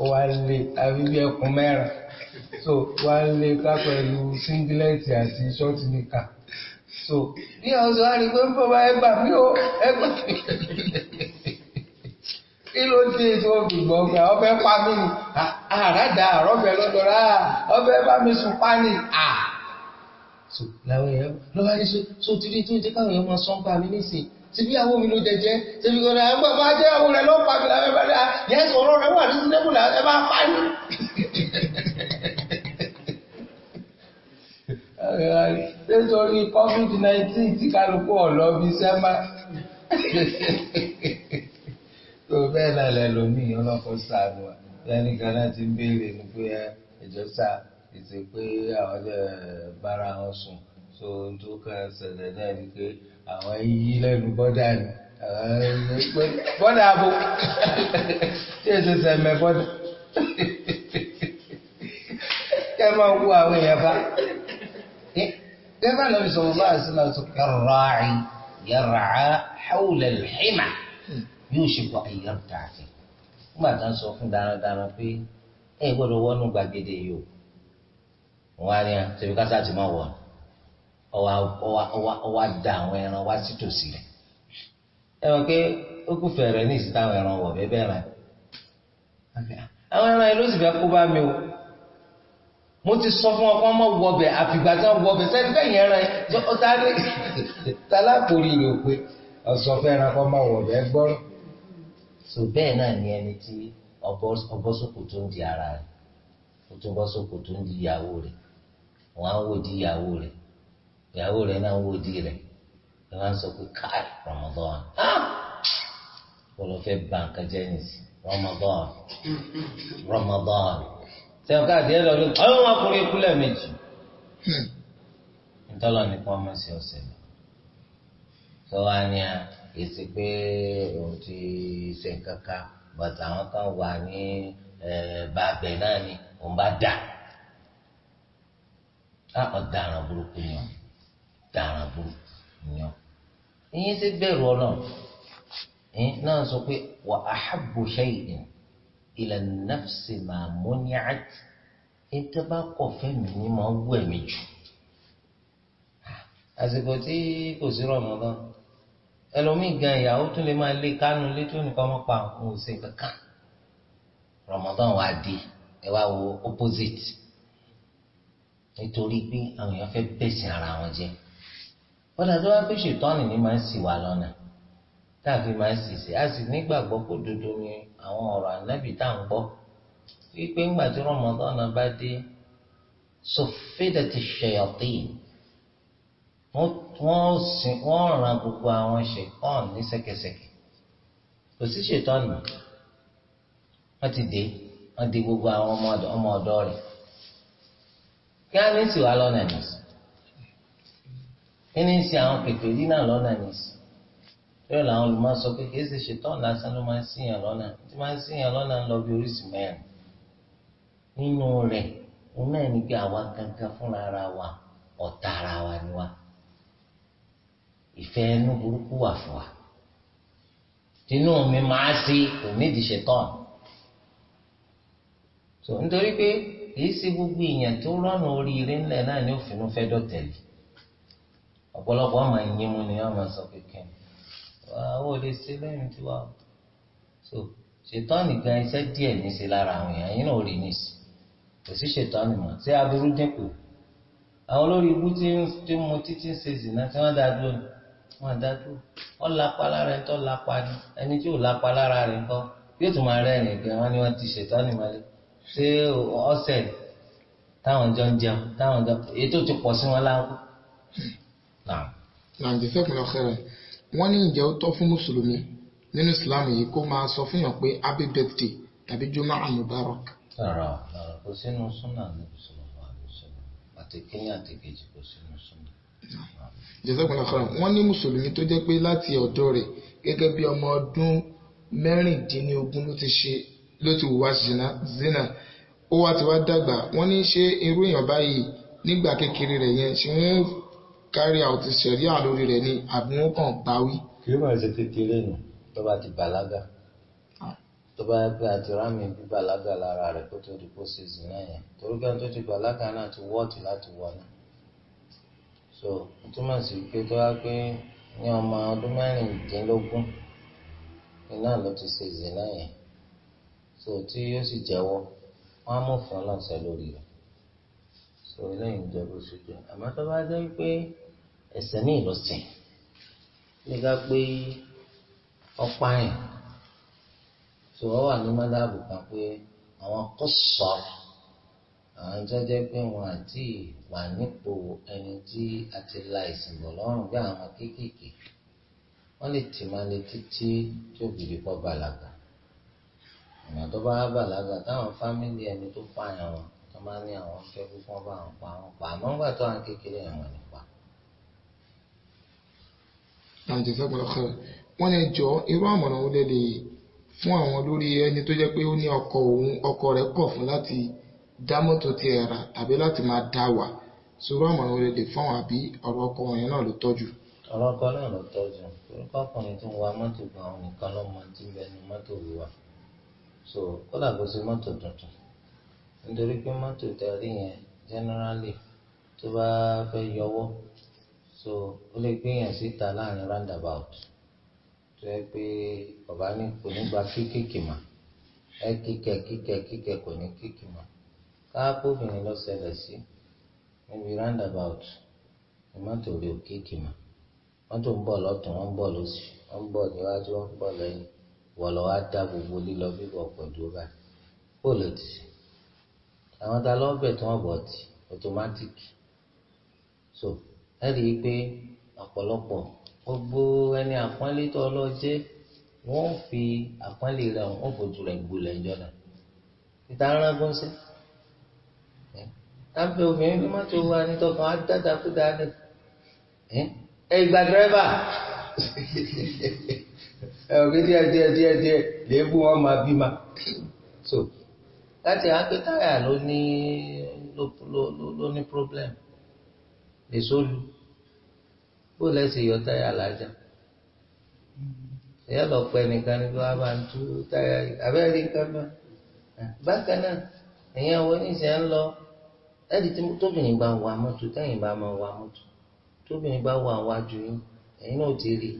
ó wá lé abíbí ẹkùn mẹ́rin so wá lé ká pẹ̀lú singlet àti ṣọ́ọ̀tì níkà so bí àwọn sọ wá rí pé bàbá ẹ gbà mí o ẹ gbà mí kí ló dé tí wọ́n fi gbọ́ pé ọbẹ̀ pa mí ni àràdà àrọ́bẹ̀ lọ́dọ̀ rà ọbẹ̀ bá mi sùn pa ni à so làwọn èèyàn lọ́wọ́ àdìsó so tìrì tó dé káwọn èèyàn máa sọ́ńgbà mi nísìnyí. síbí àwọn mi ló jẹjẹ síbí kò náà ẹgbẹ́ bá jẹ́ àwọn rẹ̀ lọ́pàá mi làwọn ẹgbẹ́ rẹ̀ yẹn sọ̀rọ̀ rẹ̀ wà ní sinébù ẹ bá pa ní. nítorí covid tí kálukú ọ̀lọ́ ti ń béèrè ní pé so ohun tó kàn ṣẹlẹ̀ náà ni pé àwọn yí lẹ́nu bọ́dà ni bọ́dà bò tí èsì sẹ̀mẹ̀ bọ́dà kẹ́ máa àwọn èèyàn bá kẹ́fà sọ̀rọ̀ bá hàwùlẹ̀ yóò ṣe sọ fún darandaran pé gbọ́dọ̀ gbàgede yìí o wọ́n á ní ọwọ́ da àwọn ẹran wá sítòsí rẹ̀ ẹ mọ̀ pé ó kú fẹ̀rẹ̀ ní ìsìta àwọn ẹran wọ̀ bẹ́ẹ̀ rà àwọn ẹran yìí ló sì fẹ́ kó bá mi o mo ti sọ fún ọkọ ọmọ wọbẹ àfìgbà tí wọn wọbẹ sẹni fẹyìn ẹran yìí ọta ní tálákòrí rẹ ò pé ọsọ fẹràn kọ ọmọ wọbẹ gbọrọ so bẹ́ẹ̀ náà ni ẹni tí ọbọsọkò tó ń di ara rẹ̀ ó tó bọsọkò tó ń di ìyàwó rẹ̀ wọn á wò di ìyàwó rẹ̀ ìyàwó rẹ̀ náà wò di rẹ̀ ẹ wá ń sọ pé káì Ramadan wọ́n lọ fẹ́ ba nǹkan jẹ́ nìsí Ramadan Ramadan sẹ́wọ́n káàdì ẹ̀ lọ́ọ́ lóko ọ̀hún ọkùnrin ikú lẹ́ẹ̀mejì hmm. ntọ́lọ́ ní kí wọ́n sí a èsì pé òun ti ṣe nǹkan bàtà àwọn kan wà ní dáràn burúkú yàn ìyẹn ti bẹ̀rù ọlọ́run ìyẹn náà sọ pé wà á habbu shay'in ila nafsi ma muni'at ètò bá kọ̀ fẹ́mi ni máa wú ẹ̀mí jù àsìkò tí kò sí Ramadan ẹlòmíì gan ìyàwó tún lè máa lé kánú lé tó nìkan mọ́ pa òun ò ṣe kankan Ramadan wà di ẹ wá wo opposite nítorí pé àwọn èèyàn fẹ́ bẹ̀sìn ara wọn jẹ́ wọ́n dàtọ́ wá pé ṣètọ́nì ni máa ń sì wà lọ́nà tàbí máa ń sì sí a sì nígbàgbọ́ kó dodo ni àwọn ọ̀rọ̀ ànábì tá à ń gbọ́ wípé ńgbà tí rọmọdọ́nà bá dé sọfídẹ̀tì ṣẹ̀yọ̀tì wọ́n ràn gbogbo àwọn ṣèkọ́ọ̀n ní ṣẹ̀kẹ̀ṣẹ̀kẹ̀ kò sí ṣètọ́nì wọ́n ti dé wọ́n di gbogbo àwọn ọmọ ọ̀dọ́ rẹ̀ kí á ní sì wà lọ́nà ẹ̀mí sí. kí ni ṣe àwọn kẹfẹ́ rí náà lọ́nà nìsí yóò làwọn olùmọ̀ sọ pé kì í ṣe ṣètọ́n lásán ló máa ń ṣìyàn lọ́nà tí máa ń ṣìyàn lọ́nà ń lọ bí oríṣìí mẹ́rin nínú rẹ̀ òun náà ní pé àwa gangan fúnra ara wa ọ̀tá ara wa ni wa ìfẹ́ inú burúkú wà fún wa tinú mi máa ṣe so nítorí pé kìí ṣe gbogbo tó oríire náà ni òfin fẹ́ ọ̀pọ̀lọpọ̀ ọmọ ẹ̀yìn mu ni wọ́n máa sọ kékeré wọ́n ò lè ṣe lẹ́yìn tí wọ́n so ṣètọ́nì gan iṣẹ́ díẹ̀ níṣe lára àwọn èèyàn yín náà ò rí níṣe kò sí ṣètọ́nì mọ̀ ṣé aburú dínkù àwọn olórí ibú tí ń mu títí ń ṣe zìnà tí wọ́n dá dúró ni wọn dájú ọ lápá lára ẹni tó lápá ni ẹni tí ò lápá lára rẹ̀ ńkọ́ yóò tún máa rẹ́rìn pé wọn ni wọn ti ṣètò ànìmọlẹ ṣé ọ̀sẹ̀ táwọn jọ ń jẹun táwọn jọ èyí ti pọ̀ sí wọn láńkó nàìjíríà sẹ́kùn lọ́kẹ́rẹ́ wọ́n ní ìjẹ́ ó tọ́ fún mùsùlùmí nínú islam yìí kó máa sọ fún yàn pé happy birthday tàbí juma mubarak. rárá rárá kò sínú súnà níbi sọlọ́wọ́ àlùsọ̀rọ̀ àti kínní àti kejì kò sínú súnà. jẹ́sẹ̀kùn lọ́kẹ́rẹ́ wọ́n ní mùsùlùmí tó jẹ́ pé láti ọ̀dọ́ rẹ̀ gẹ́gẹ́ bí ọmọ ọdún mẹ́rìndínlógún ló ti ṣe ló ti wùwá zina ó wá ti wá dàgbà wọ́n ní ṣe irú èèyàn báyìí nígbà kékeré rẹ̀ yẹn ṣé wọ́n carry out ṣẹ̀ríà lórí rẹ̀ ni àbí wọ́n kàn gbá wí. kí ló máa ṣe kékeré nù tó bá ti bàlágà ah. tó bá yẹ pé àti rámì bí bàlágà lára rẹ̀ kó tó di kó ṣe náà yẹn torí pé tó ti bàlágà náà ti wọ́ọ̀tì láti wọ̀nà. so túmọ̀ sí pé tó wá pé ní ọmọ ọdún mẹ́rìndínlógún iná ló ti ṣe náà yẹn so tí yóò sì jẹ́wọ́ wọ́n á mú fún ọlọ́ọ̀sẹ̀ lórí rẹ̀ so eléyìí ń jẹ́ bó ṣe jẹ́ àmọ́ tó bá jẹ́ pé ẹ̀ṣẹ̀ míì ló ṣẹ̀ nígbà pé ọ̀pá yẹn tó wọ́n wà ní mọ́dàbù kan pé àwọn kò sọ̀rọ̀ àwọn jẹ́jẹ́ pé wọn àti wà nípò ẹni tí a ti la ìsìn bọ̀ lọ́rùn bí àwọn kéékèèké wọ́n lè tì máa lè títí tí òbílẹ̀ pọ̀ bàlágà ìgbà tó bá bàlágà táwọn fámìlì ẹni tó pààyàn wọn tó máa ní àwọn fẹ́ kó fọ́n bá wọn pa àwọn pa àmọ́ ńgbà tó àwọn kékeré yẹn wọ̀nyí náà jẹ́sẹ́ pọ̀lọ́kọ̀ wọ́n ní ẹjọ́ irú àmọ̀ràn ó lè lè fún àwọn lórí ẹni tó jẹ́ pé ó ní ọkọ òun ọkọ rẹ̀ kọ̀ fún láti dá mọ́tò ti ẹ̀ rà tàbí láti máa dá wà so irú àmọ̀ràn ó lè lè fún àwọn àbí ọ̀rọ̀ ọkọ yẹn náà ló tọ́jú. ọ̀rọ̀ ọkọ náà ló tọ́jú orúkọ ọkùnrin tó wa mọ́tò gan àwọn nìkan ló mọ tí bẹ́ẹ̀ ni mọ́tò wíwà so ó dàgbọ́ sí mọ́tò tuntun nítorí pé mọ́tò tẹ̀rí yẹn generally tó bá fẹ́ yọwọ́ so ó lè gbéyàn síta láàrin roundabout tó yẹ pé bàbá ní kò ní gba kíkìkì mà ẹ kíkẹ kíkẹ kíkẹ kò ní kíkì mà káàkóbìnrin lọ ṣẹlẹ̀ sí níbi roundabout ní mọ́tò rẹ̀ ò kíkì mà mọ́tò ń bọ̀ lọ́tún wọ́n ń bọ̀ lọ́sì wọ́n ń bọ̀ níwájú wọ́n ń bọ̀ lẹ́yìn wọ̀lọ́ wá dá gbogbo lílọ bíbọ̀ pẹ̀lú báyìí bóòlù tì sí àwọn ta lọ́bẹ̀ tí wọ́n bọ̀ tì automatic so ẹ rí i pé ọ̀pọ̀lọpọ̀ gbogbo ẹni àpọ́nlé tó ọlọ́jẹ́ wọ́n fi àpọ́nlé rẹ̀ wọ́n fojú rẹ̀ gbolẹ̀ ìjọ náà ìta arángún sí lábẹ́ obìnrin ló má tó wá ní tọkàn á dáadáa kú dáadáa ẹ ìgbà dírẹ́fà ẹ ò rí díẹ̀ díẹ̀ díẹ̀ díẹ̀ léébù wọn máa bí ma láti àgbékáyà ló ní ló ní problem èso lu bó lẹ́sìn yọ táyà làjà ẹ̀yà lọ pẹ́ nìkan ni wọ́n bá ń tú táyà yìí abẹ́rẹ́ nǹkan mọ́ bákan náà ẹ̀yìn àwọn oníṣẹ́ ń lọ ẹ̀dí tóbìnrin bá wà mọ́tò tẹ́yìn bá máa wà mọ́tò tóbìnrin bá wà wájú yín ẹ̀yìn náà ti rí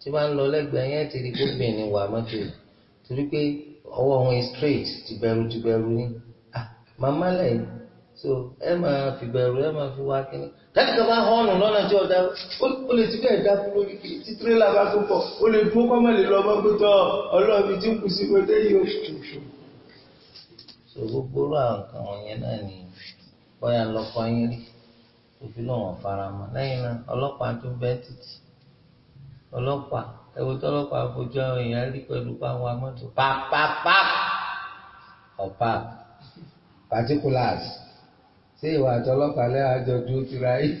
tí wọ́n ń lọ lẹ́gbẹ̀ẹ́ yẹn ti rí kóbìnrin wà mọ́tò torí pé ọwọ́ wọn straight ti bẹ̀rù ti bẹ̀rù ni ah, màmá lẹ́yìn so ẹ máa fìbẹ̀rù ẹ máa fi wá kínní kẹ́nìkan bá hàn ọ̀nà lọ́nà tí ọ̀dà ó lè ti bẹ́ẹ̀ dákú lórí kí tí tírélà bá tó pọ̀ ó lè dúró kọ́ lè lọ ọmọ gbótọ́ ọlọ́ọ̀bì tí ń kù sí wọlé yìí ó ṣùṣù. so gbogbo rú àwọn nǹkan wọ̀nyẹn náà ni bóyá lọ́kọ yín rí òfin náà wọ́n fara mọ́ lẹ́yìn náà ọlọ́pàá tó bẹ́ẹ̀ títì ọlọ́pàá ẹ̀wọ̀n tó ọlọ́pàá fojú àwọn èèyàn rí pẹ̀lú báwọn amọ́tò pàápàá particulars ṣé ìwà àtọlọ́pàá lẹ́yìn àjọ dúró ti ra yìí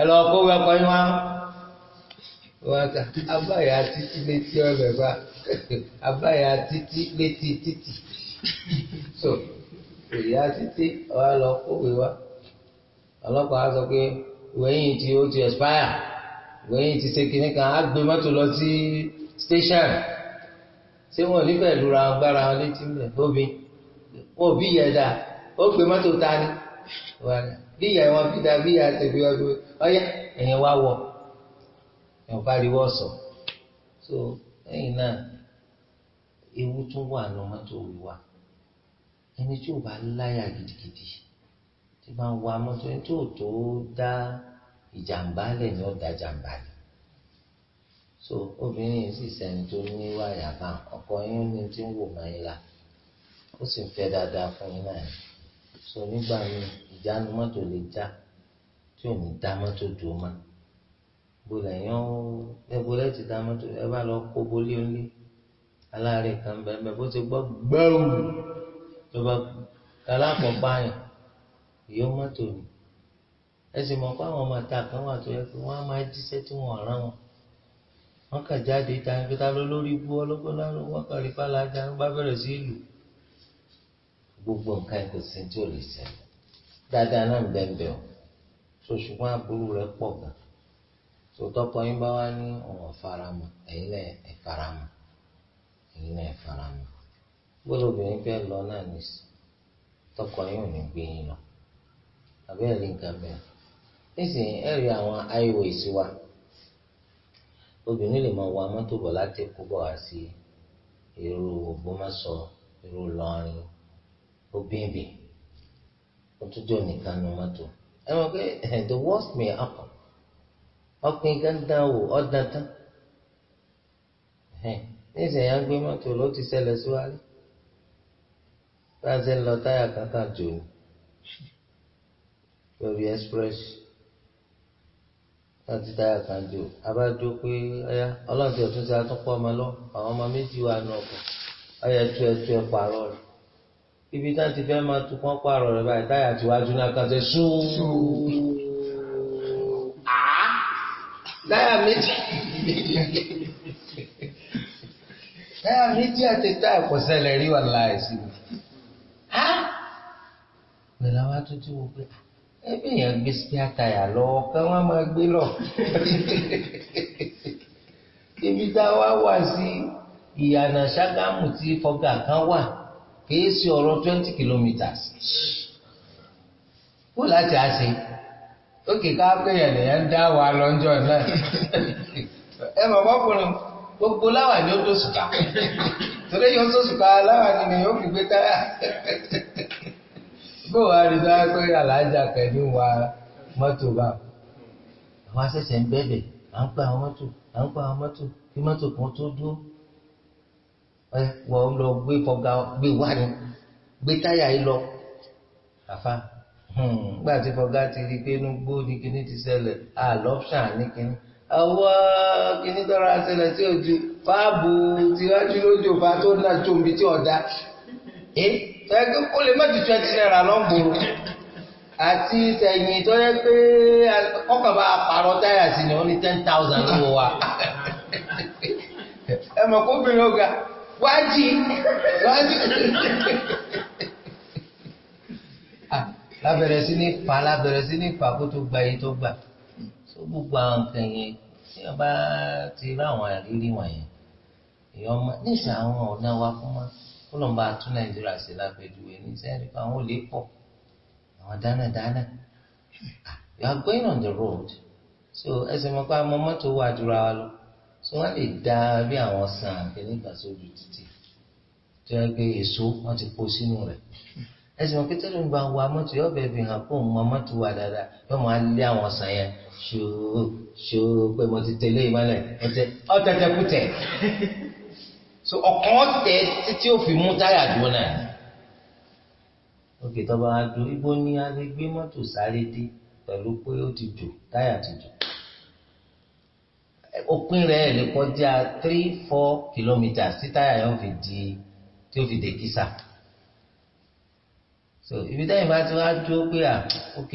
ẹ lọ kó wẹ ọkọ yín wá wọn kà abáyà títí létí ọbẹ bá abáyà títí létí títì so ìyá títí ọ̀hà lọ kó wẹ wá ọlọ́pàá sọ pé wẹ́yìn tí ó ti expire wẹ́yìn ti ṣe kínní kan á gbé mọ́tò lọ sí station ṣé wọn ò ní fẹ́ lura agbára wọn létí mẹ́ lóbi. wọn ò bí o ẹ̀dá ó pè mọ́tò ta ni bí ìyá wọn fi da bí wọ. ṣe ọdún sọ so ẹ̀yìn náà ewu tún wà ní mọ́tò wíwá ẹni tí ò bá láyà gidigidi tí bá ń wa mọ́tò ẹni tí ò tó dá ìjàmbá lẹ̀ ni ó da ìjàmbá lẹ̀ so obìnrin yìí sì tó ní wáyà bá ọkọ yín ní ti ń wò máa ń la. ó sì fẹ́ dáadáa fún yín náà so nígbà míì ìjánu mọ́tò lè já tí ò ní dá mọ́tò dùn mọ́ bólẹ̀ yẹn ó ẹbólẹ̀ ti dá mọ́tò ẹ bá lọ kó bólé ńlé aláàárẹ̀ kan bẹ́ẹ̀ bó ti gbọ́ gbẹ́rù ló bá kalápọ̀ pààyàn ìyó mọ́tò ni ẹ sì mọ̀ pé àwọn ọmọ ìta kan wà tó yẹ pé wọ́n á máa jíṣẹ́ tí wọ́n rán wọn wọ́n kàn jáde ìta ìpẹ́ta lọ lórí ibú ọlọ́gbọ́n lánàá wọ́n kàn rí pálá gbogbo nǹkan kò sí tí ò lè ṣẹlẹ̀ dáadáa náà ń o so aburú rẹ̀ pọ̀ gan so tọkọ yín bá wá ní ọ̀wọ̀n faramọ́ ẹ̀yin náà ẹ̀ faramọ́ ẹ̀yin náà ẹ̀ faramọ́ gbọ́dọ̀ obìnrin fẹ́ lọ náà tọkọ yín ò ní gbé yín lọ nǹkan bẹ́ẹ̀ nísìnyí ẹ rí àwọn wa obìnrin lè máa wa mọ́tò bọ̀ láti kó wá sí irú irú obìnrin òtútù nìkan nu mọ́tò ẹ mọ̀ pé the worst may happen ọkùnrin kan dán wò ọ́ tán nísìnyí á gbé mọ́tò ló ti ṣẹlẹ̀ síwájú bá lọ táyà kankan jò lórí express láti táyà kan jò abájọ pé ọyá ọlọ́run ti ọ̀tún ti atúpọ̀ ọmọ lọ àwọn ọmọ méjì wà nù ọkọ̀ ibi tá ti fẹ́ máa tún kán pààrọ̀ rẹ̀ báyìí táyà ti wájú náà kan ṣe ṣúù. táyà méjì táyà méjì àti táyà kò ṣẹlẹ̀ rí wà láì sí mi. pẹ̀lú àwọn atúntí wo pé ah, ẹbí yẹn gbé spíà táyà lọ kán wọ́n máa gbé lọ. ibi tá a wá wà sí ìyànà ṣàgámù tí fọgà kan wà. kìí ṣe ọ̀rọ̀ ọrụ kilometres kó láti lati ókè ya pé ẹ̀lẹ́yà ń dá wa lọ́njọ́ náà ẹ mọ̀ bọ́kùnrin gbogbo láwà ni ni ni bó wa rí sáà pé kẹ́ni wa mọ́tò bá àwọn ń à ń pa àwọn mọ́tò à ń pa àwọn mọ́tò kí mọ́tò kan ẹ wọ́n lọ gbé kọ̀ga gbé wá ni gbé táyà yìí lọ àfa gbà tí kọ̀ga ti rí pé inú gbó ni kíní ti ṣẹlẹ̀ àlọ́pṣàn ní kíní àwọn kíní tọ́ra ṣẹlẹ̀ tí o ju fáàbù tiwájú lójú òfa tó ń dá tóbi tí ọ̀dá ẹ fẹ́ẹ́ kó lè má ju twenty naira lọ́gbòrò àti tẹ̀yìn tó yẹ pé ọkàn bá táyà sí ni ó ní ten thousand lówó wa ẹ mọ̀ kó bìnrin ga wá jí wá jí. Ah, lábẹ̀rẹ̀ sí ní pa lábẹ̀rẹ̀ sí ní pa kó tó gba iye tó gbà tó gbogbo àwọn nǹkan yẹn tí wọ́n bá ti rí àwọn àrírí wọ̀nyẹn èèyàn máa níṣẹ́ àwọn ọ̀nà wa fún wa kó lóun bá tún nàìjíríà ṣe lápẹjùwe ní sẹ́ẹ̀rì pé àwọn ò pọ̀ àwọn dánadáná ah, you are going on the road so ẹsẹ̀ mọ̀ pé àwọn mọ́tò wà jùlọ àwọn lọ so wọ́n lè dá bí àwọn sàn àfẹ́lẹ́ ìgbà sójú títì tó yẹ pé èso wọ́n ti kó sínú rẹ̀ ẹsìn wọn pété ló ń gba wa mọ́tò yóò bẹ̀ẹ̀ fi hàn kó ń mọ mọ́tò wa dáadáa yóò máa lé àwọn sàn yẹn ṣòro ṣòro pé mo ti tẹ̀lé ìmọ̀lẹ̀ ẹ̀tẹ̀ ọ̀tẹ̀tẹ̀ kùtẹ̀ so ọ̀kan tẹ̀ títí ó fi mú táyà dúró náà òkè tọ́ba adùn igbó ní alégbé mọ́tò sáré dé pẹ̀lú pé ó ti jò táyà ti jò. òpin rẹ̀ lè kọjá three four kilometres tí táyà yóò fi di tí ó fi so ibi táyà bá ti wá dúró pé à ok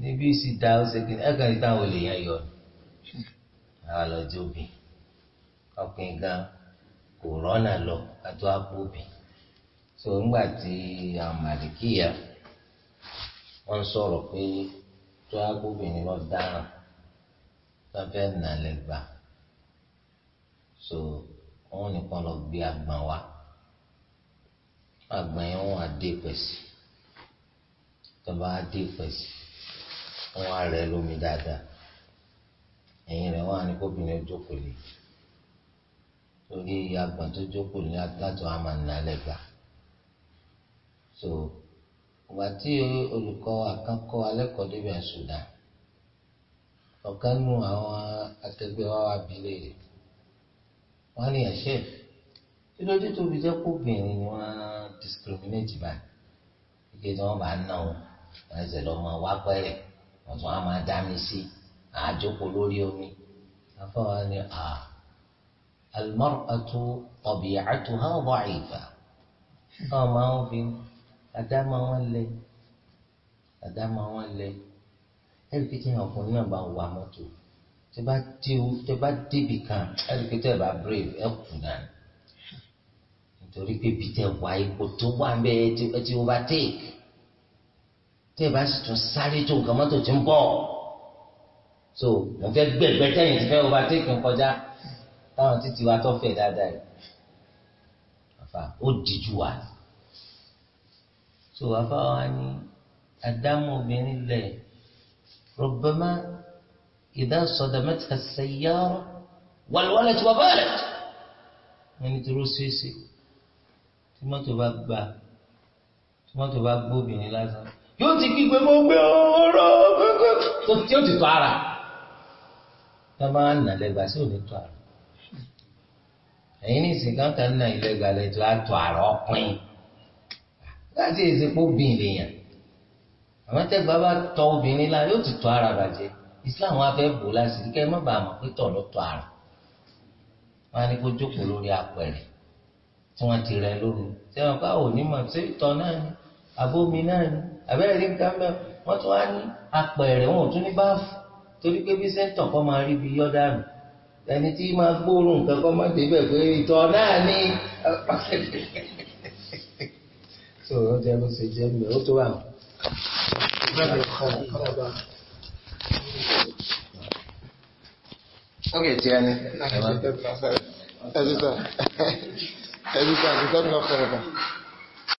níbi sì da ó ṣe kí ẹ̀ka ní táwọn olè yẹn yọ àwọn òbí gan kò lọ àti àpò òbí so ńgbà tí àwọn màlìkíyà wọ́n sọ̀rọ̀ pé tó àpò ni lábẹ́ nàlẹ́ gbà so wọn nìkan lọ gbé àgbọn wa àgbọn yẹn wọn adé pẹ̀sì tọba adé pẹ̀sì wọn arẹ lómi dáadáa ẹ̀yìn rẹ̀ wọn àníkóbìnrin ojókòó lè torí àgbọn tó jókòó lè látọ̀ àmà nàlẹ́ gbà so ìgbà tí olùkọ́ akẹ́kọ̀ọ́ alẹ́kọ̀ọ́ débẹ̀ Sudan ọ̀kan nínú àwọn akẹgbẹ́ wa wà bí léèrè wọ́n ní ẹ̀ṣẹ́ kí ló dé tó fi jẹ́ kó obìnrin wọn discriminate bá ike tí wọ́n bá ná wọn ẹsẹ̀ lọ́mọ wá pẹ́rẹ́ wọ́n tún á máa dá mi sí àjókòó lórí omi afọwọ́ ni à al-mar'atu tabi'atuha dha'ifa ọmọ àwọn obìnrin àdámọ́ wọn lẹ àdámọ́ wọn lẹ ẹ̀rí pé tíyẹn ọkùnrin náà bá wà mọ́tò tó bá dé tó bá débi kan ẹ̀rí pé bá brave ẹ̀ kù náà nítorí pé bí tẹ wà ipò tó wà ń bẹ ẹ ti overtake tẹ bá sì tún sáré tó nǹkan mọ́tò ti ń bọ̀ so mo fẹ́ gbẹ̀gbẹ́ tẹ̀yìn ti fẹ́ overtake ń kọjá táwọn títí wa tó fẹ́ dáadáa yìí àfa ó díjú wa so àfa wa ni àdámọ̀ obìnrin lẹ̀. ربما إذا صدمتك السيارة والولت وبالت ẹni dúró ṣeéṣe tí mọ́tò bá gbà tí mọ́tò bá gbóbìnrin lásán yóò ti gbígbé mo gbé ọ̀rọ̀ tó tí ó ti tọ́ ara tá a máa ń nà lẹ́gbàá sí òní tọ́ ara ẹ̀yin ní ìsìn káńtà ń nà ìlẹ́gbàá lẹ́jọ́ á tọ́ ara ọ̀pìn láti èsì pọ̀ bìn lèèyàn àwọn tẹ́gbà bá tọ obìnrin la yóò ti tọ ara bàjẹ́ islam wa fẹ́ bò láti rí kẹ́ ẹ má bàa mọ̀ pé tọ̀ ló tọ ara wọn á ní kó jókòó lórí apẹ̀rẹ̀ tí wọ́n ti rẹ lóru sẹ́wọ̀n ká ò ní mọ̀ ṣé ìtọ̀ náà ni àbómi náà ni àbẹ́rẹ́ rí nǹkan bẹ́ẹ̀ wọ́n tún wá ní apẹ̀rẹ̀ wọn ò tún ní báàfù torí pé bí sẹ́ńtọ̀ kọ́ máa rí bí yọ́dà nù ẹni tí máa gbóòórùn nǹkan kọ́ máa débẹ̀ pé ìtọ̀ náà ni so ó jẹ́ ló ṣe jẹ́ mi ó tó wà mọ́. Okay, Tiani. Ezita. Ezita, Ezita, Ezita, Ezita, Ezita,